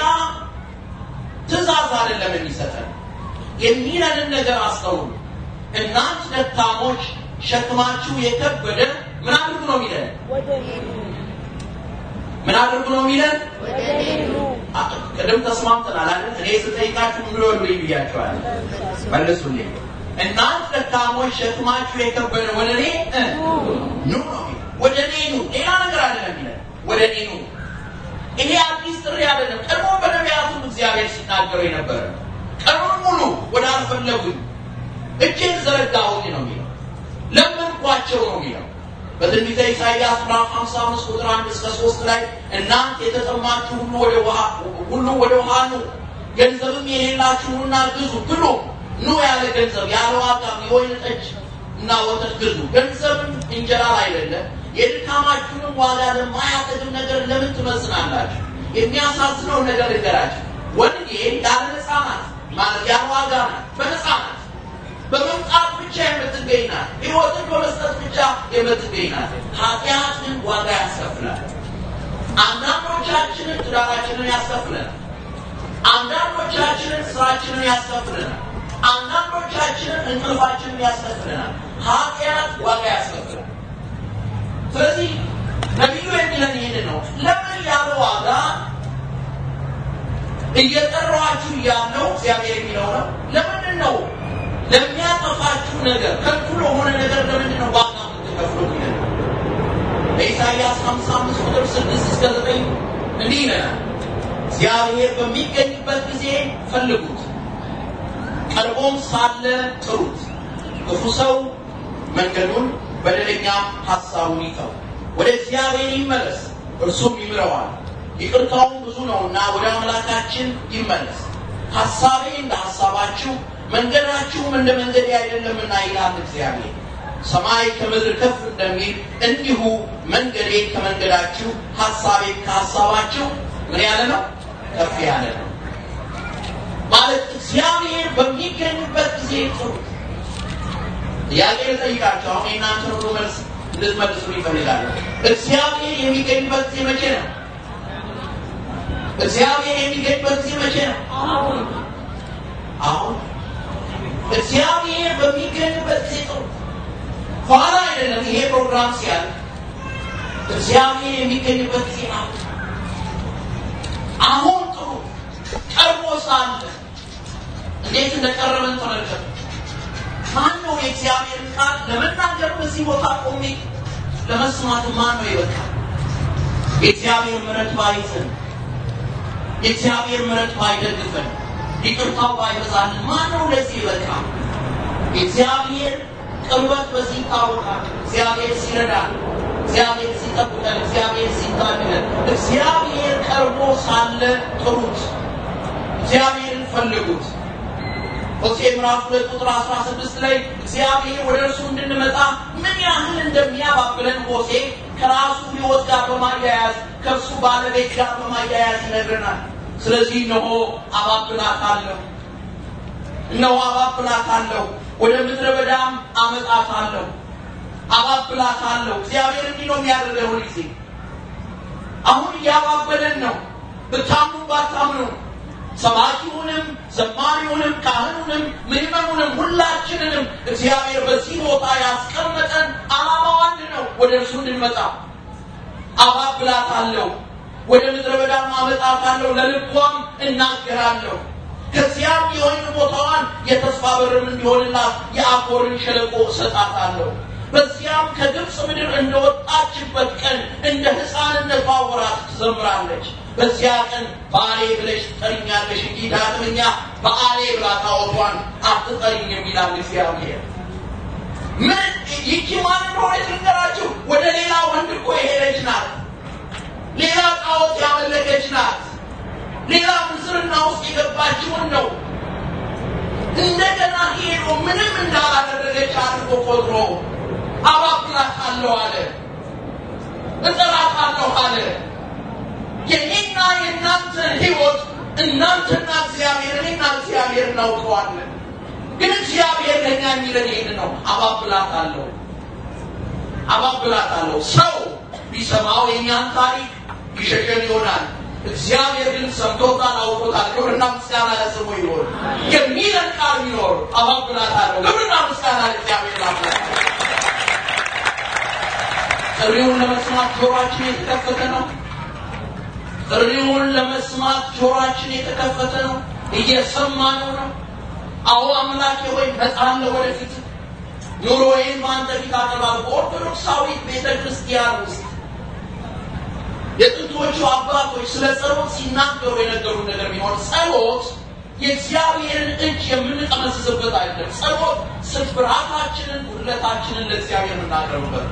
ትእዛዝ አይደለም የሚሰጠን። የሚለንን ነገር አስተውሉ። እናንት ደካሞች ሸክማችሁ የከበደ ምን አድርጉ ነው የሚለን። ቅድም ተስማምተናል። እኔ ስጠይቃችሁ ምን በሉ ብያቸዋል። መልሱልኝ። እናንተ ደካሞች ሸክማችሁ የከበደ ወደ እኔ ኑ ወደ እኔ ኑ። ሌላ ነገር አይደለም ይለን ወደ እኔ ኑ። ይሄ አዲስ ጥሪ አይደለም። ቀድሞ በነቢያቱም እግዚአብሔር ሲናገሩ የነበረ ቀኑን ሙሉ ወደ አልፈለጉኝ እጄን ዘረጋሁኝ ነው የሚለው ለመንኳቸው ነው የሚለው በትንቢተ ኢሳይያስ ምዕራፍ 55 ቁጥር 1 እስከ 3 ላይ እናንተ የተጠማችሁ ሁሉ ወደ ውሃ ሁሉ ወደ ውሃ ኑ፣ ገንዘብም የሌላችሁና ግዙ ብሉ፣ ኑ ያለ ገንዘብ ያለ ዋጋ የወይን ጠጅ እና ወተት ግዙ። ገንዘብም እንጀራ አይደለ፣ የድካማችሁንም ዋጋ ለማያጠግብ ነገር ለምን ትመዝናላችሁ? የሚያሳዝነው ነገር ልንገራችሁ፣ ወንጌል ያለ ነፃ ማለት ያለ ዋጋ ናት፣ በነፃ በመምጣት ብቻ የምትገኝ ናት። ሕይወትን በመስጠት ብቻ የምትገኝ ናት። ኃጢአት ዋጋ ያስከፍላል። አንዳንዶቻችንን ትዳራችንን ያስከፍለናል። አንዳንዶቻችንን ስራችንን ያስከፍለናል። አንዳንዶቻችንን እንቅልፋችንን ያስከፍለናል። ኃጢአት ዋጋ ያስከፍላል። ስለዚህ ነቢዩ የሚለን ይህን ነው። ለምን ያለ ዋጋ እየጠሯችሁ ያለው እግዚአብሔር የሚለው ነው። ለምንድን ነው ለሚያጠፋችሁ ነገር ከንቱ ለሆነ ነገር ለምንድን ነው ዋጋ የምትከፍሉት? ይላል ሀምሳ አምስት ቁጥር ስድስት እስከ ዘጠኝ እንዲህ ይለናል፣ እግዚአብሔር በሚገኝበት ጊዜ ፈልጉት፣ ቀርቦም ሳለ ጥሩት። ክፉ ሰው መንገዱን በደለኛ ሀሳቡን ይተው፣ ወደ እግዚአብሔር ይመለስ፣ እርሱም ይምረዋል ይቅርታውን ብዙ ነውና ወደ አምላካችን ይመለስ። ሐሳቤ እንደ ሐሳባችሁ መንገዳችሁም እንደ መንገዴ አይደለምና ይላል እግዚአብሔር። ሰማይ ከምድር ከፍ እንደሚል እንዲሁ መንገዴ ከመንገዳችሁ፣ ሐሳቤ ከሐሳባችሁ ምን ያለ ነው? ከፍ ያለ ነው ማለት እግዚአብሔር በሚገኙበት ጊዜ ጥሩ ጥያቄ ጠይቃቸው አሁን የእናንተን ሁሉ መልስ እንድትመልሱ ይፈልጋለ እግዚአብሔር የሚገኝበት ጊዜ መቼ ነው? እግዚአብሔር የሚገኝበት ጊዜ መቼ ነው? አሁን እግዚአብሔር በሚገኝበት ጊዜ ጥሩ ኋላ አይደለም። ይሄ ፕሮግራም ሲያል እግዚአብሔር የሚገኝበት ጊዜ አሁን አሁን ጥሩ ቀርቦ ሳለ እንዴት እንደቀረበን ተመልከቱ። ማን ነው የእግዚአብሔር ቃል ለመናገር በዚህ ቦታ ቆሜ ለመስማት ማን ነው ይበቃል? የእግዚአብሔር ምረት ባይዘን የእግዚአብሔር ምረት ባይደግፈን ይቅርታው ባይበዛን ማን ነው ለዚህ ይበቃ? እግዚአብሔር ቅርበት በዚህ ይታወቃል። እግዚአብሔር ሲረዳ እግዚአብሔር ሲጠብቀን፣ እግዚአብሔር ሲታድገን፣ እግዚአብሔር ቀርቦ ሳለ ጥሩት፣ እግዚአብሔርን ፈልጉት። ሆሴ ምራፍ ሁለት ቁጥር አስራ ስድስት ላይ እግዚአብሔር ወደ እርሱ እንድንመጣ ምን ያህል እንደሚያባብለን ሆሴ ከራሱ ሕይወት ጋር በማያያዝ ከእርሱ ባለቤት ጋር በማያያዝ ይነግረናል። ስለዚህ እነሆ አባብላታለሁ እነሆ አባብላታለሁ ወደ ምድረ በዳም አመጣታለሁ አባብላታለሁ እግዚአብሔር እንዲህ ነው የሚያደርገው ጊዜ አሁን እያባበለን ነው ብታምኑ ባታምኑ ሰባኪውንም ዘማሪውንም ካህኑንም ምዕመኑንም ሁላችንንም እግዚአብሔር በዚህ ቦታ ያስቀመጠን አላማው አንድ ነው ወደ እርሱ እንድንመጣ አባብላታለሁ ወደ ምድረ በዳም አመጣታለሁ፣ ለልቧም እናገራለሁ። ከዚያም የወይን ቦታዋን የተስፋ በርም እንዲሆንና የአኮርን ሸለቆ እሰጣታለሁ። በዚያም ከግብፅ ምድር እንደወጣችበት ቀን እንደ ህፃንነት ወራት ትዘምራለች። በዚያ ቀን በአሌ ብለሽ ትጠርኛለሽ እንጂ ዳግመኛ በአሌ ብላ ታወቷን አትጠሪኝም ይላል እግዚአብሔር። ምን ይቺ ማን እንደሆነ ልንገራችሁ። ወደ ሌላ ወንድ እኮ የሄደች ናት። ሌላ ጣዖት ያመለከች ናት። ሌላ ምስርና ውስጥ የገባችውን ነው። እንደገና ሄዶ ምንም እንዳላደረገች አድርጎ ቆጥሮ አባብላታለሁ አለ፣ እጠራታለሁ አለ። የኔና የእናንተን ህይወት እናንተና እግዚአብሔር እኔና እግዚአብሔር እናውቀዋለን። ግን እግዚአብሔር ለእኛ የሚለን ይህን ነው፣ አባብላታለሁ፣ አባብላታለሁ። ሰው ቢሰማው የእኛን ታሪክ ሸክም ይሆናል። እግዚአብሔር ግን ሰምቶታል፣ ላውቆታ ክብርና ምስጋና ለስሙ ይሆን የሚለን ቃል ቢኖር አለው ክብርና ምስጋና ለእግዚአብሔር ላፍላ ጥሪውን ለመስማት ጆሯችን የተከፈተ ነው። ጥሪውን ለመስማት ጆሯችን የተከፈተ ነው። እየሰማ ነው። ነው አዎ አምላኬ ሆይ መጣለ ወደፊት ኑሮዬን በአንተ ፊት አቀባል በኦርቶዶክሳዊ ቤተክርስቲያን ውስጥ የጥንቶቹ አባቶች ስለ ጸሎት ሲናገሩ የነገሩን ነገር ቢሆን ጸሎት የእግዚአብሔርን እጅ የምንጠመዝዝበት አይደለም። ጸሎት ስብራታችንን፣ ጉድለታችንን ለእግዚአብሔር የምናቀርብበት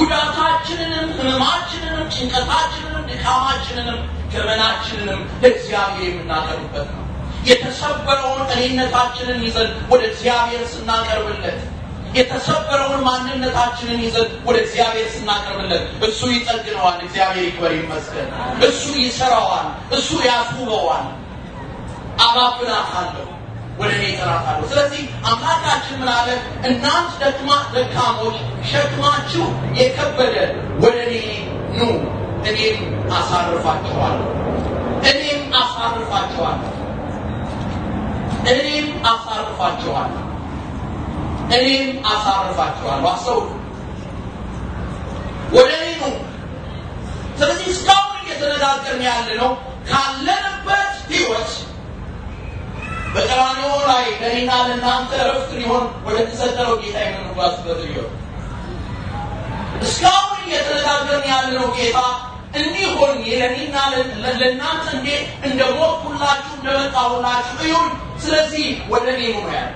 ጉዳታችንንም፣ ህመማችንንም፣ ጭንቀታችንንም፣ ድካማችንንም፣ ገመናችንንም ለእግዚአብሔር የምናቀርብበት ነው። የተሰበረውን እኔነታችንን ይዘን ወደ እግዚአብሔር ስናቀርብለት የተሰበረውን ማንነታችንን ይዘን ወደ እግዚአብሔር ስናቀርብለት እሱ ይጠግነዋል። እግዚአብሔር ይክበር ይመስገን። እሱ ይሰራዋል። እሱ ያስውበዋል። አባብላታለሁ፣ ወደ እኔ እጠራታለሁ። ስለዚህ አምላካችን ምን አለ? ደክማ ደካሞች፣ ሸክማችሁ የከበደ ወደ እኔ ኑ፣ እኔም አሳርፋችኋለሁ። እኔም አሳርፋችኋለሁ። እኔም አሳርፋችኋለሁ። እኔም አሳርፋችኋለሁ። አስተውሉ፣ ወደ እኔ ነው። ስለዚህ እስካሁን እየተነጋገርን ያለ ነው ካለንበት ህይወት በቀራንዮ ላይ ለእኔና ለእናንተ ረፍት ሊሆን ወደ ተሰጠረው ጌታ የምንጓዝበት ህይወት እስካሁን እየተነጋገርን ያለነው ጌታ እንዲሆን ሆኜ ለእኔና ለእናንተ እንዴት እንደሞትኩላችሁ እንደመጣሁላችሁ እዩን። ስለዚህ ወደ እኔ ነው ያለ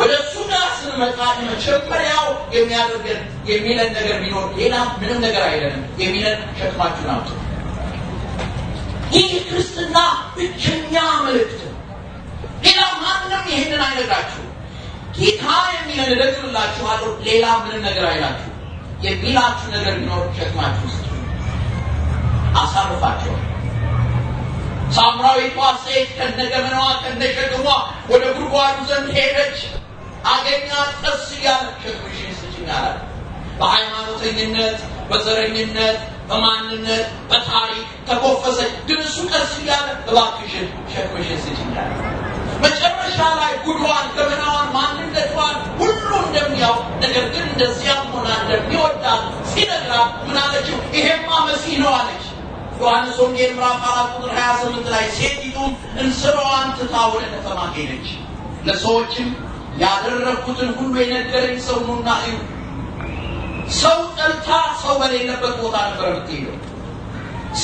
ወደ እሱ ጋር ስንመጣ መጀመሪያው የሚያደርገን የሚለን ነገር ቢኖር ሌላ ምንም ነገር አይለንም። የሚለን ሸክማችሁን አምጡ። ይህ ክርስትና ብቸኛ መልእክት ነው። ሌላ ማንም ይህንን አይነግራችሁ። ጌታ የሚለን እደግምላችኋለሁ፣ ሌላ ምንም ነገር አይላችሁ። የሚላችሁ ነገር ቢኖር ሸክማችሁ ውስጥ አሳርፋቸዋል። ሳምራዊቷ ሴት ከነገመናዋ ከነሸክሟ ወደ ጉድጓዱ ዘንድ ሄደች። አገኛ ጥርስ እያነከርኩሽን ስጭኝ አላት። በሃይማኖተኝነት፣ በዘረኝነት፣ በማንነት፣ በታሪክ ተኮፈሰች። ግን እሱ ቀስ እያለ እባክሽን ሸክምሽን ስጭኝ መጨረሻ ላይ ጉድዋን፣ ገበናዋን፣ ማንነቷን ሁሉ እንደሚያው ነገር ግን እንደዚያ ሆና እንደሚወዳት ሲነግራ ምናለችው ይሄማ መሲህ ነው አለች። ዮሐንስ ወንጌል ምራፍ አራት ቁጥር ሀያ ስምንት ላይ ሴቲቱም እንስራዋን ትታ ወደ ከተማ ሄደች፣ ለሰዎችም ያደረግኩትን ሁሉ የነገረኝ ሰው ነውና እዩ ሰው ጠልታ ሰው በሌለበት ቦታ ነበር የምትሄደው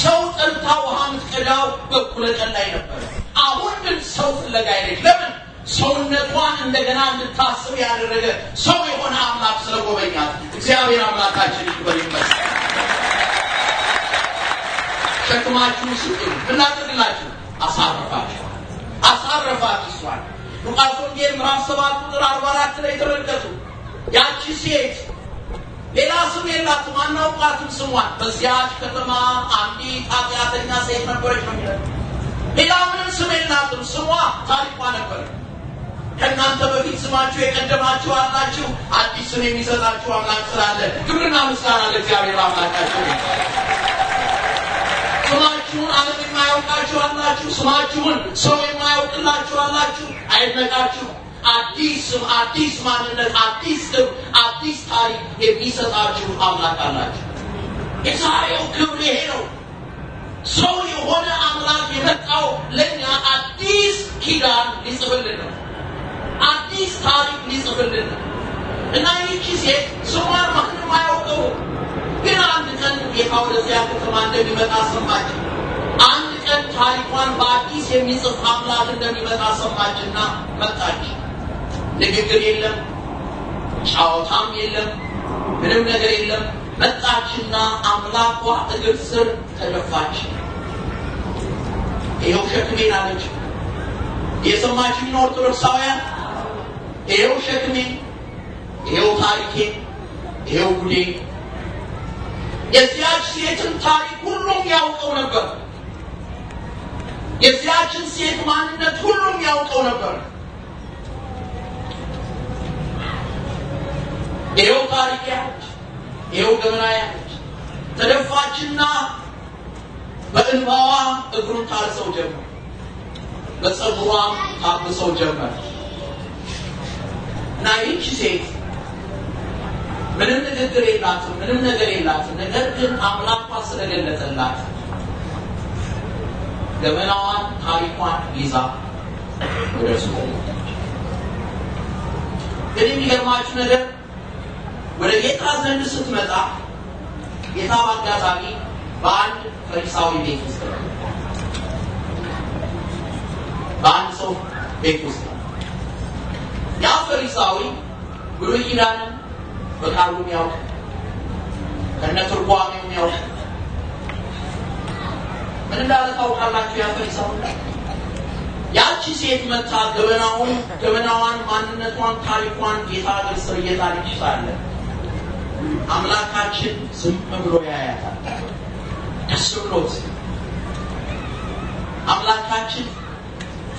ሰው ጠልታ ውሃ የምትቀዳው በኩለ ጠላይ ላይ ነበር አሁን ግን ሰው ፍለጋ አይደል ለምን ሰውነቷን እንደገና እንድታስብ ያደረገ ሰው የሆነ አምላክ ስለጎበኛት እግዚአብሔር አምላካችን ይበል ይመስ ሸክማችሁ ስጡ እናቅድላችሁ አሳረፋችሁ አሳረፋት እሷን ሉቃስ ወንጌል ምዕራፍ ሰባት ቁጥር 44 ላይ ተመልከቱ። ያቺ ሴት ሌላ ስም የላትም፣ አናውቃትም ስሟን። በዚያች ከተማ አንዲት ኃጢአተኛ ሴት ነበረች ነው የሚለው። ሌላ ምንም ስም የላትም፣ ስሟ ታሪኳ ነበር። ከእናንተ በፊት ስማችሁ የቀደማችሁ አላችሁ፣ አዲስ ስም የሚሰጣችሁ አምላክ ስላለ ግብርና ምስጋና ለእግዚአብሔር አምላካችሁ። ስማችሁን ዓለም የማያውቃችሁ አላችሁ። ስማችሁን ሰው የማያውቅላችሁ አላችሁ። አይነቃችሁ። አዲስ ስም፣ አዲስ ማንነት፣ አዲስ ስም፣ አዲስ ታሪክ የሚሰጣችሁ አምላክ አላችሁ። የዛሬው ክብር ይሄ ነው። ሰው የሆነ አምላክ የመጣው ለእኛ አዲስ ኪዳን ሊጽፍልን ነው። አዲስ ታሪክ ሊጽፍልን ነው እና ይቺ ሴት ስሟን ማንም አያውቀው። ግን አንድ ቀን ጌታ ወደዚያ ከተማ እንደሚመጣ ሰማች። አንድ ቀን ታሪኳን በአዲስ የሚጽፍ አምላክ እንደሚመጣ ሰማችና መጣች። ንግግር የለም፣ ጫዋታም የለም፣ ምንም ነገር የለም። መጣችና አምላኳ እግር ስር ተደፋች። ይኸው ሸክሜን አለች። የሰማችሁኝ ኦርቶዶክሳውያን፣ ይኸው ሸክሜ፣ ይኸው ታሪኬ፣ ይኸው ጉዴ። የዚያች ሴትን ታሪክ ሁሉም ያውቀው ነበር። የዚያችን ሴት ማንነት ሁሉም ያውቀው ነበር። ይኸው ታሪክ ያች፣ ይኸው ገመና ያች ተደፋችና በእንባዋ እግሩን ታርሰው ጀመር፣ በፀጉሯም ታብሰው ጀመር እና ይህቺ ሴት ምንም ንግግር የላትም፣ ምንም ነገር የላትም። ነገር ግን አምላኳ ስለገለጠላት ዘመናዋን ታሪኳን ይዛ ወደ እርሱ ቆመች። እንግዲህ የሚገርማችሁ ነገር ወደ ጌታ ዘንድ ስትመጣ ጌታ በአጋጣሚ በአንድ ፈሪሳዊ ቤት ውስጥ ነው። በአንድ ሰው ቤት ውስጥ ነው። ያ ፈሪሳዊ ብሉይ ኪዳንን በቃሉ የሚያውቅ ከነ ትርጓሜው የሚያውቅ ምን ያፈሪ ያቺ ሴት መታ ገበናውን ገበናዋን፣ ማንነቷን፣ ታሪኳን ጌታ እግር አምላካችን ዝም ብሎ ያያታል። ደስ ብሎት አምላካችን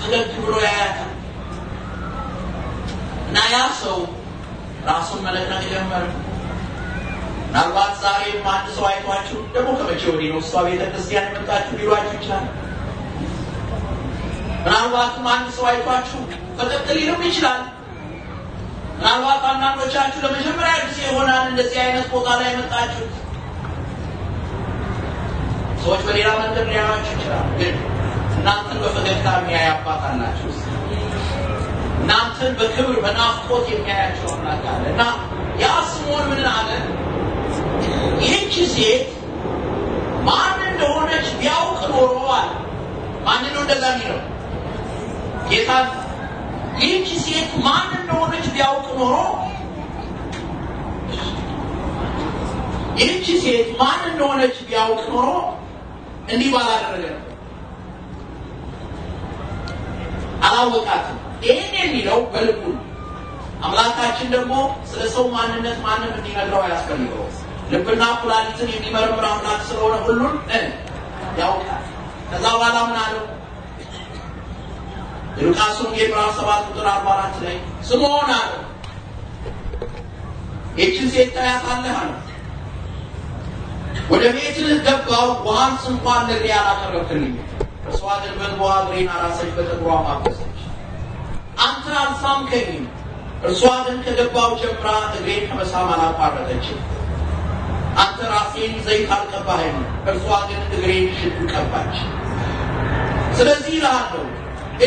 ፈገግ ብሎ ያያታል እና ያ ሰው ራሱን መለቅለቅ ጀመረ። ምናልባት ዛሬ አንድ ሰው አይቷችሁ ደግሞ ከመቼ ወዲህ ነው እሷ ቤተ ክርስቲያን መጣችሁ ቢሏችሁ ይችላል። ምናልባትም አንድ ሰው አይቷችሁ ፈቀቅ ሊልም ይችላል። ምናልባት አንዳንዶቻችሁ ለመጀመሪያ ጊዜ ይሆናል እንደዚህ አይነት ቦታ ላይ መጣችሁት። ሰዎች በሌላ መንገድ ሊያዩአችሁ ይችላል። ግን እናንተን በፈገግታ የሚያይ አባት አላችሁ። እናንተን በክብር በናፍቆት የሚያያቸው አምላክ አለ እና ያ ስሞን ምን አለ? ይህን ሴት ማን እንደሆነች ቢያውቅ ኖረዋል አለ። ማን ነው እንደዛ ሚለው ጌታ። ይህቺ ሴት ማን እንደሆነች ቢያውቅ ኖሮ ይህቺ ሴት ማን እንደሆነች ቢያውቅ ኖሮ እንዲህ ባላደረገ ነው። አላወቃትም። ይህን የሚለው በልቡ አምላካችን ደግሞ ስለ ሰው ማንነት ማንም እንዲነግረው አያስፈልገውም። ልብና ኩላሊትን የሚመርምር አምላክ ስለሆነ ሁሉን ያውቃል። ከዛ በኋላ ምን አለው? የሉቃስ ወንጌል ምዕራፍ ሰባት ቁጥር አርባ ላይ ስምዖን አለ ይህችን ሴት ታያታለህ አለ። ወደ ቤትህ ገባው ውሃን እንኳን ለእግሬ አላቀረብክልኝ። እሷ ግን በእንባዋ እግሬን አራሰች፣ በጠጉሯ ማበሰች። አንተ አልሳም አልሳምከኝም። እርሷ ግን ከገባው ጀምራ እግሬን ከመሳም አላቋረጠችም። ራሴን ዘይት አልቀባህም፣ እርሷ ግን እግሬን ሽቱ ቀባች። ስለዚህ ይልሃለሁ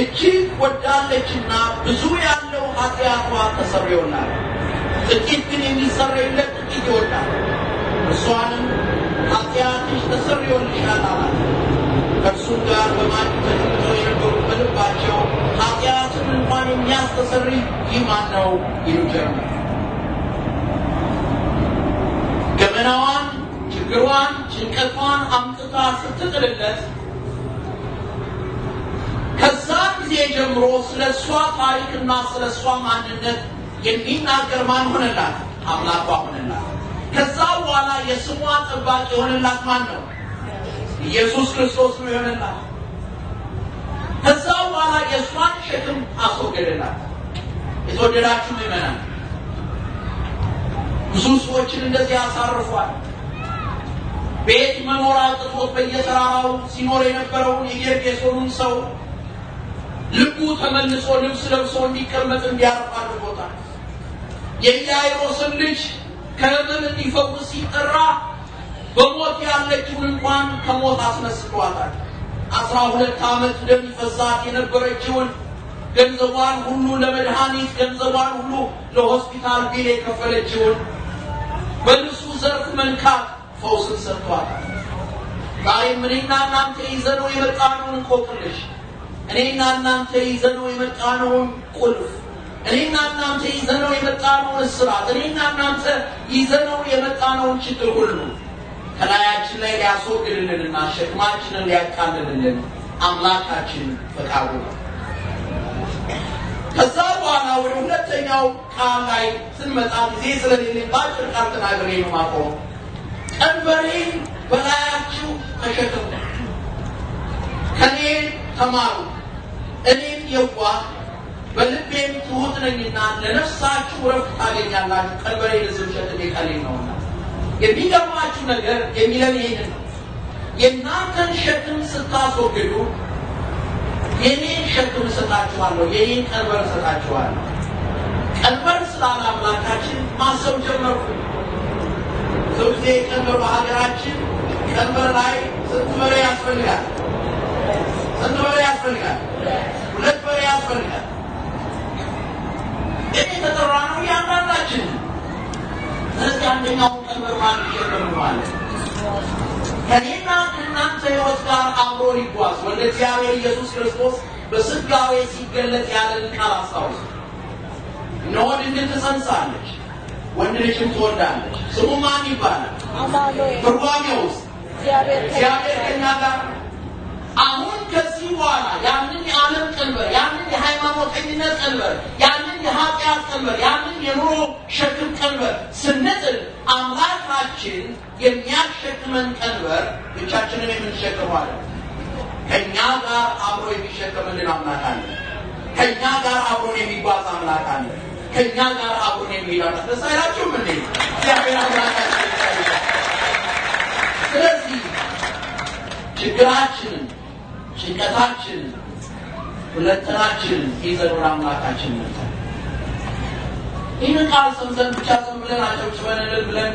እጅግ ወዳለችና ብዙ ያለው ኃጢአቷ ተሰሬውናል። ጥቂት ግን የሚሰረይለት ጥቂት ይወዳል። እሷንም ኃጢአትሽ ተሰሬውልሻል አላት። ከእርሱ ጋር በማን ተጠምጠው የነበሩ በልባቸው ኃጢአትን እንኳን የሚያስተሰርይ ይህ ማን ነው ይሉ ጀመር። ገመናዋን ችግሯን ጭንቀቷን አምጥታ ስትጥልለት ከዛ ጊዜ ጀምሮ ስለ እሷ ታሪክና ስለ እሷ ማንነት የሚናገር ማን ሆነላት? አምላኳ ሆነላት። ከዛ በኋላ የስሟ ጠባቂ የሆነላት ማን ነው? ኢየሱስ ክርስቶስ ነው የሆነላት። ከዛ በኋላ የእሷን ሸክም አስወገደላት። የተወደዳችሁ ይመናል ብዙ ሰዎችን እንደዚህ አሳርፏል። ቤት መኖር አቅቶት በየተራራው ሲኖር የነበረውን የጌርጌሶኑን ሰው ልቡ ተመልሶ ልብስ ለብሶ እንዲቀመጥ እንዲያርፍ አድርጎታል። የኢያኢሮስን ልጅ ከህመም እንዲፈውስ ሲጠራ በሞት ያለችውን እንኳን ከሞት አስነስቷታል። አስራ ሁለት ዓመት እንደሚፈዛት የነበረችውን ገንዘቧን ሁሉ ለመድኃኒት ገንዘቧን ሁሉ ለሆስፒታል ቢል የከፈለችውን በንሱ ዘርፍ መንካት ፈውስን ሰጥቷል። ዛሬም እኔና እናንተ ይዘነው የመጣነውን ኮክልሽ፣ እኔና እናንተ ይዘነው የመጣነውን ቁልፍ፣ እኔና እናንተ ይዘነው የመጣነውን እስራት፣ እኔና እናንተ ይዘነው የመጣነውን ችግር ሁሉ ከላያችን ላይ ሊያስወግድልንና ሸክማችንን ሊያቃልልልን አምላካችን ፈቃዱ ነው። ከዛ በኋላ ወደ ሁለተኛው ቃል ላይ ስንመጣ ጊዜ ስለሌለኝ በአጭር ቃል ተናግሬ ነው ማቆም ቀንበሬን በላያችሁ ተሸክሙ ከኔ ተማሩ እኔም የዋህ በልቤም ትሁት ነኝና ለነፍሳችሁ ረፍት ታገኛላችሁ። ቀንበሬ ለሰው ሸክሜ ቀለል ነውና። የሚገርማችሁ ነገር የሚለን ይህን ነው። የእናንተን ሸክም ስታስወግዱ የኔን ሸክም እሰጣችኋለሁ፣ የኔን ቀንበር እሰጣችኋለሁ። ቀንበር ስላለ አምላካችን ማሰብ ጀመርኩ። ብዙ ቀንበር በሀገራችን ቀንበር ላይ ስንት በሬ ያስፈልጋል? ስንት በሬ ያስፈልጋል? ሁለት በሬ ያስፈልጋል። ይህ የተጠራ ነው እያንዳንዳችን። ስለዚህ አንደኛውን ቀንበር ማለት የለም ከኔና ከእናንተ ህይወት ጋር አብሮ ይጓዝ። ወደ እግዚአብሔር ኢየሱስ ክርስቶስ በስጋዌ ሲገለጽ ያለን ቃል አስታውሱ። እነሆ ድንግል ትፀንሳለች ወንድ ልጅም ትወልዳለች። ስሙ ማን ይባላል? ትርጓሜውስ እግዚአብሔር ከእኛ ጋር። አሁን ከዚህ በኋላ ያንን የዓለም ቀንበር፣ ያንን የሃይማኖተኝነት ቀንበር፣ ያንን የኃጢአት ቀንበር፣ ያንን የኑሮ ሸክም ቀንበር ስንጥል አምላካችን የሚያሸክመን ቀንበር ብቻችንን የምንሸክመዋለን። ከእኛ ጋር አብሮ የሚሸከምልን አምላክ አለ። ከእኛ ጋር አብሮን የሚጓዝ አምላክ አለ። ከእኛ ጋር አቡን የሚለው ደስ አይላችሁም እንዴ? እግዚአብሔር አምላካችን ስለዚህ ችግራችንን፣ ጭንቀታችንን፣ ሁለንተናችንን ይዘን ወደ አምላካችን ይህን ቃል ሰምተን ብቻ ዝም ብለን ብለን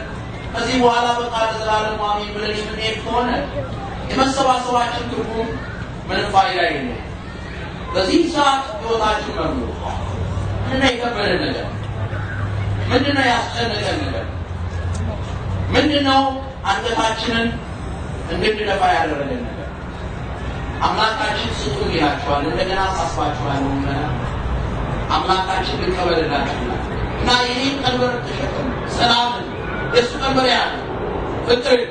ከዚህ በኋላ በቃ ዘላለም አሜን ብለን የምንሄድ ከሆነ የመሰባሰባችን ትርጉም ምንም ፋይዳ የለም። በዚህ ሰዓት ህይወታችን ምንድነው የከበደን ነገር? ምንድነው ያስጨነቀን ነገር? ምንድነው አንገታችንን እንድንደፋ ያደረገን ነገር? አምላካችን ስጡ ይላችኋል። እንደገና አሳስባችኋለሁ። አምላካችን ልቀበልላችሁ እና ይህን ቀንበር ተሸከሙ። ሰላምን የእሱ ቀንበር ያለ ፍቅር፣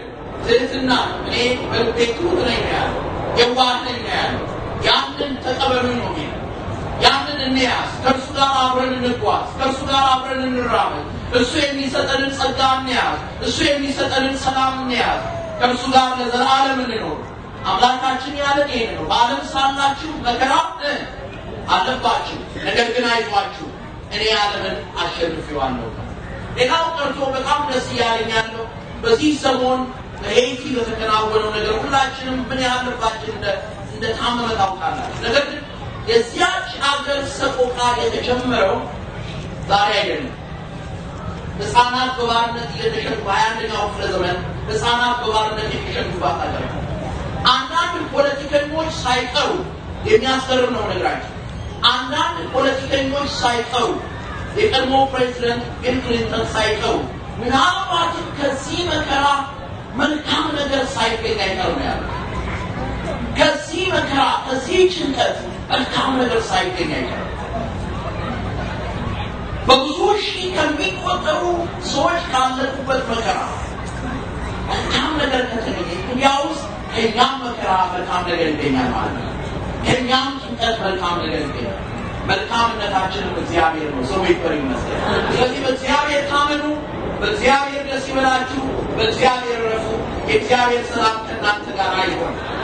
ትህትና እኔ በልቤ ትሁት ነኝ ነው የዋህ ነኝ ነው ያንን ተቀበሉ ነው ያንን እንያዝ፣ ከእርሱ ጋር አብረን እንጓዝ፣ ከእርሱ ጋር አብረን እንራመድ። እሱ የሚሰጠንን ጸጋ እንያዝ፣ እሱ የሚሰጠንን ሰላም እንያዝ፣ ከእርሱ ጋር ለዘላለም እንኖር። አምላካችን ያለን ይሄን ነው። በዓለም ሳላችሁ መከራ አለባችሁ፣ ነገር ግን አይዟችሁ፣ እኔ ዓለምን አሸንፌዋለሁ። ሌላው ቀርቶ በጣም ደስ እያለኝ ያለው በዚህ ሰሞን በሄይቲ በተከናወነው ነገር ሁላችንም ምን ያለባችን እንደ እንደታመመ ታውቃላችሁ። ነገር ግን የዚያች አገር ሰቆቃ የተጀመረው ዛሬ አይደለም። ህፃናት በባርነት እየተሸጡ ሀያ አንደኛው ክፍለ ዘመን ህፃናት በባርነት የተሸጡባት አገር አንዳንድ ፖለቲከኞች ሳይቀሩ የሚያስገርም ነው ነግራቸው አንዳንድ ፖለቲከኞች ሳይቀሩ የቀድሞ ፕሬዚደንት ቢል ክሊንተን ሳይቀሩ ምናልባትም ከዚህ መከራ መልካም ነገር ሳይገኝ አይቀር ነው ያለ። ከዚህ መከራ ከዚህ ጭንቀት መልካም ነገር ሳይገኝ በብዙ ሺህ ከሚቆጠሩ ሰዎች ካለቁበት መከራ መልካም ነገር ከተገኘ ዱንያ ውስጥ ከእኛም መከራ መልካም ነገር ይገኛል ማለት ነው። ከእኛም ጭንቀት መልካም ነገር ይገኛል። መልካምነታችንም እግዚአብሔር ነው። ሰው ይበር ይመስላል። ስለዚህ በእግዚአብሔር ታመኑ፣ በእግዚአብሔር ደስ ይበላችሁ፣ በእግዚአብሔር ረፉ። የእግዚአብሔር ሰላም ከእናንተ ጋር ይሆናል።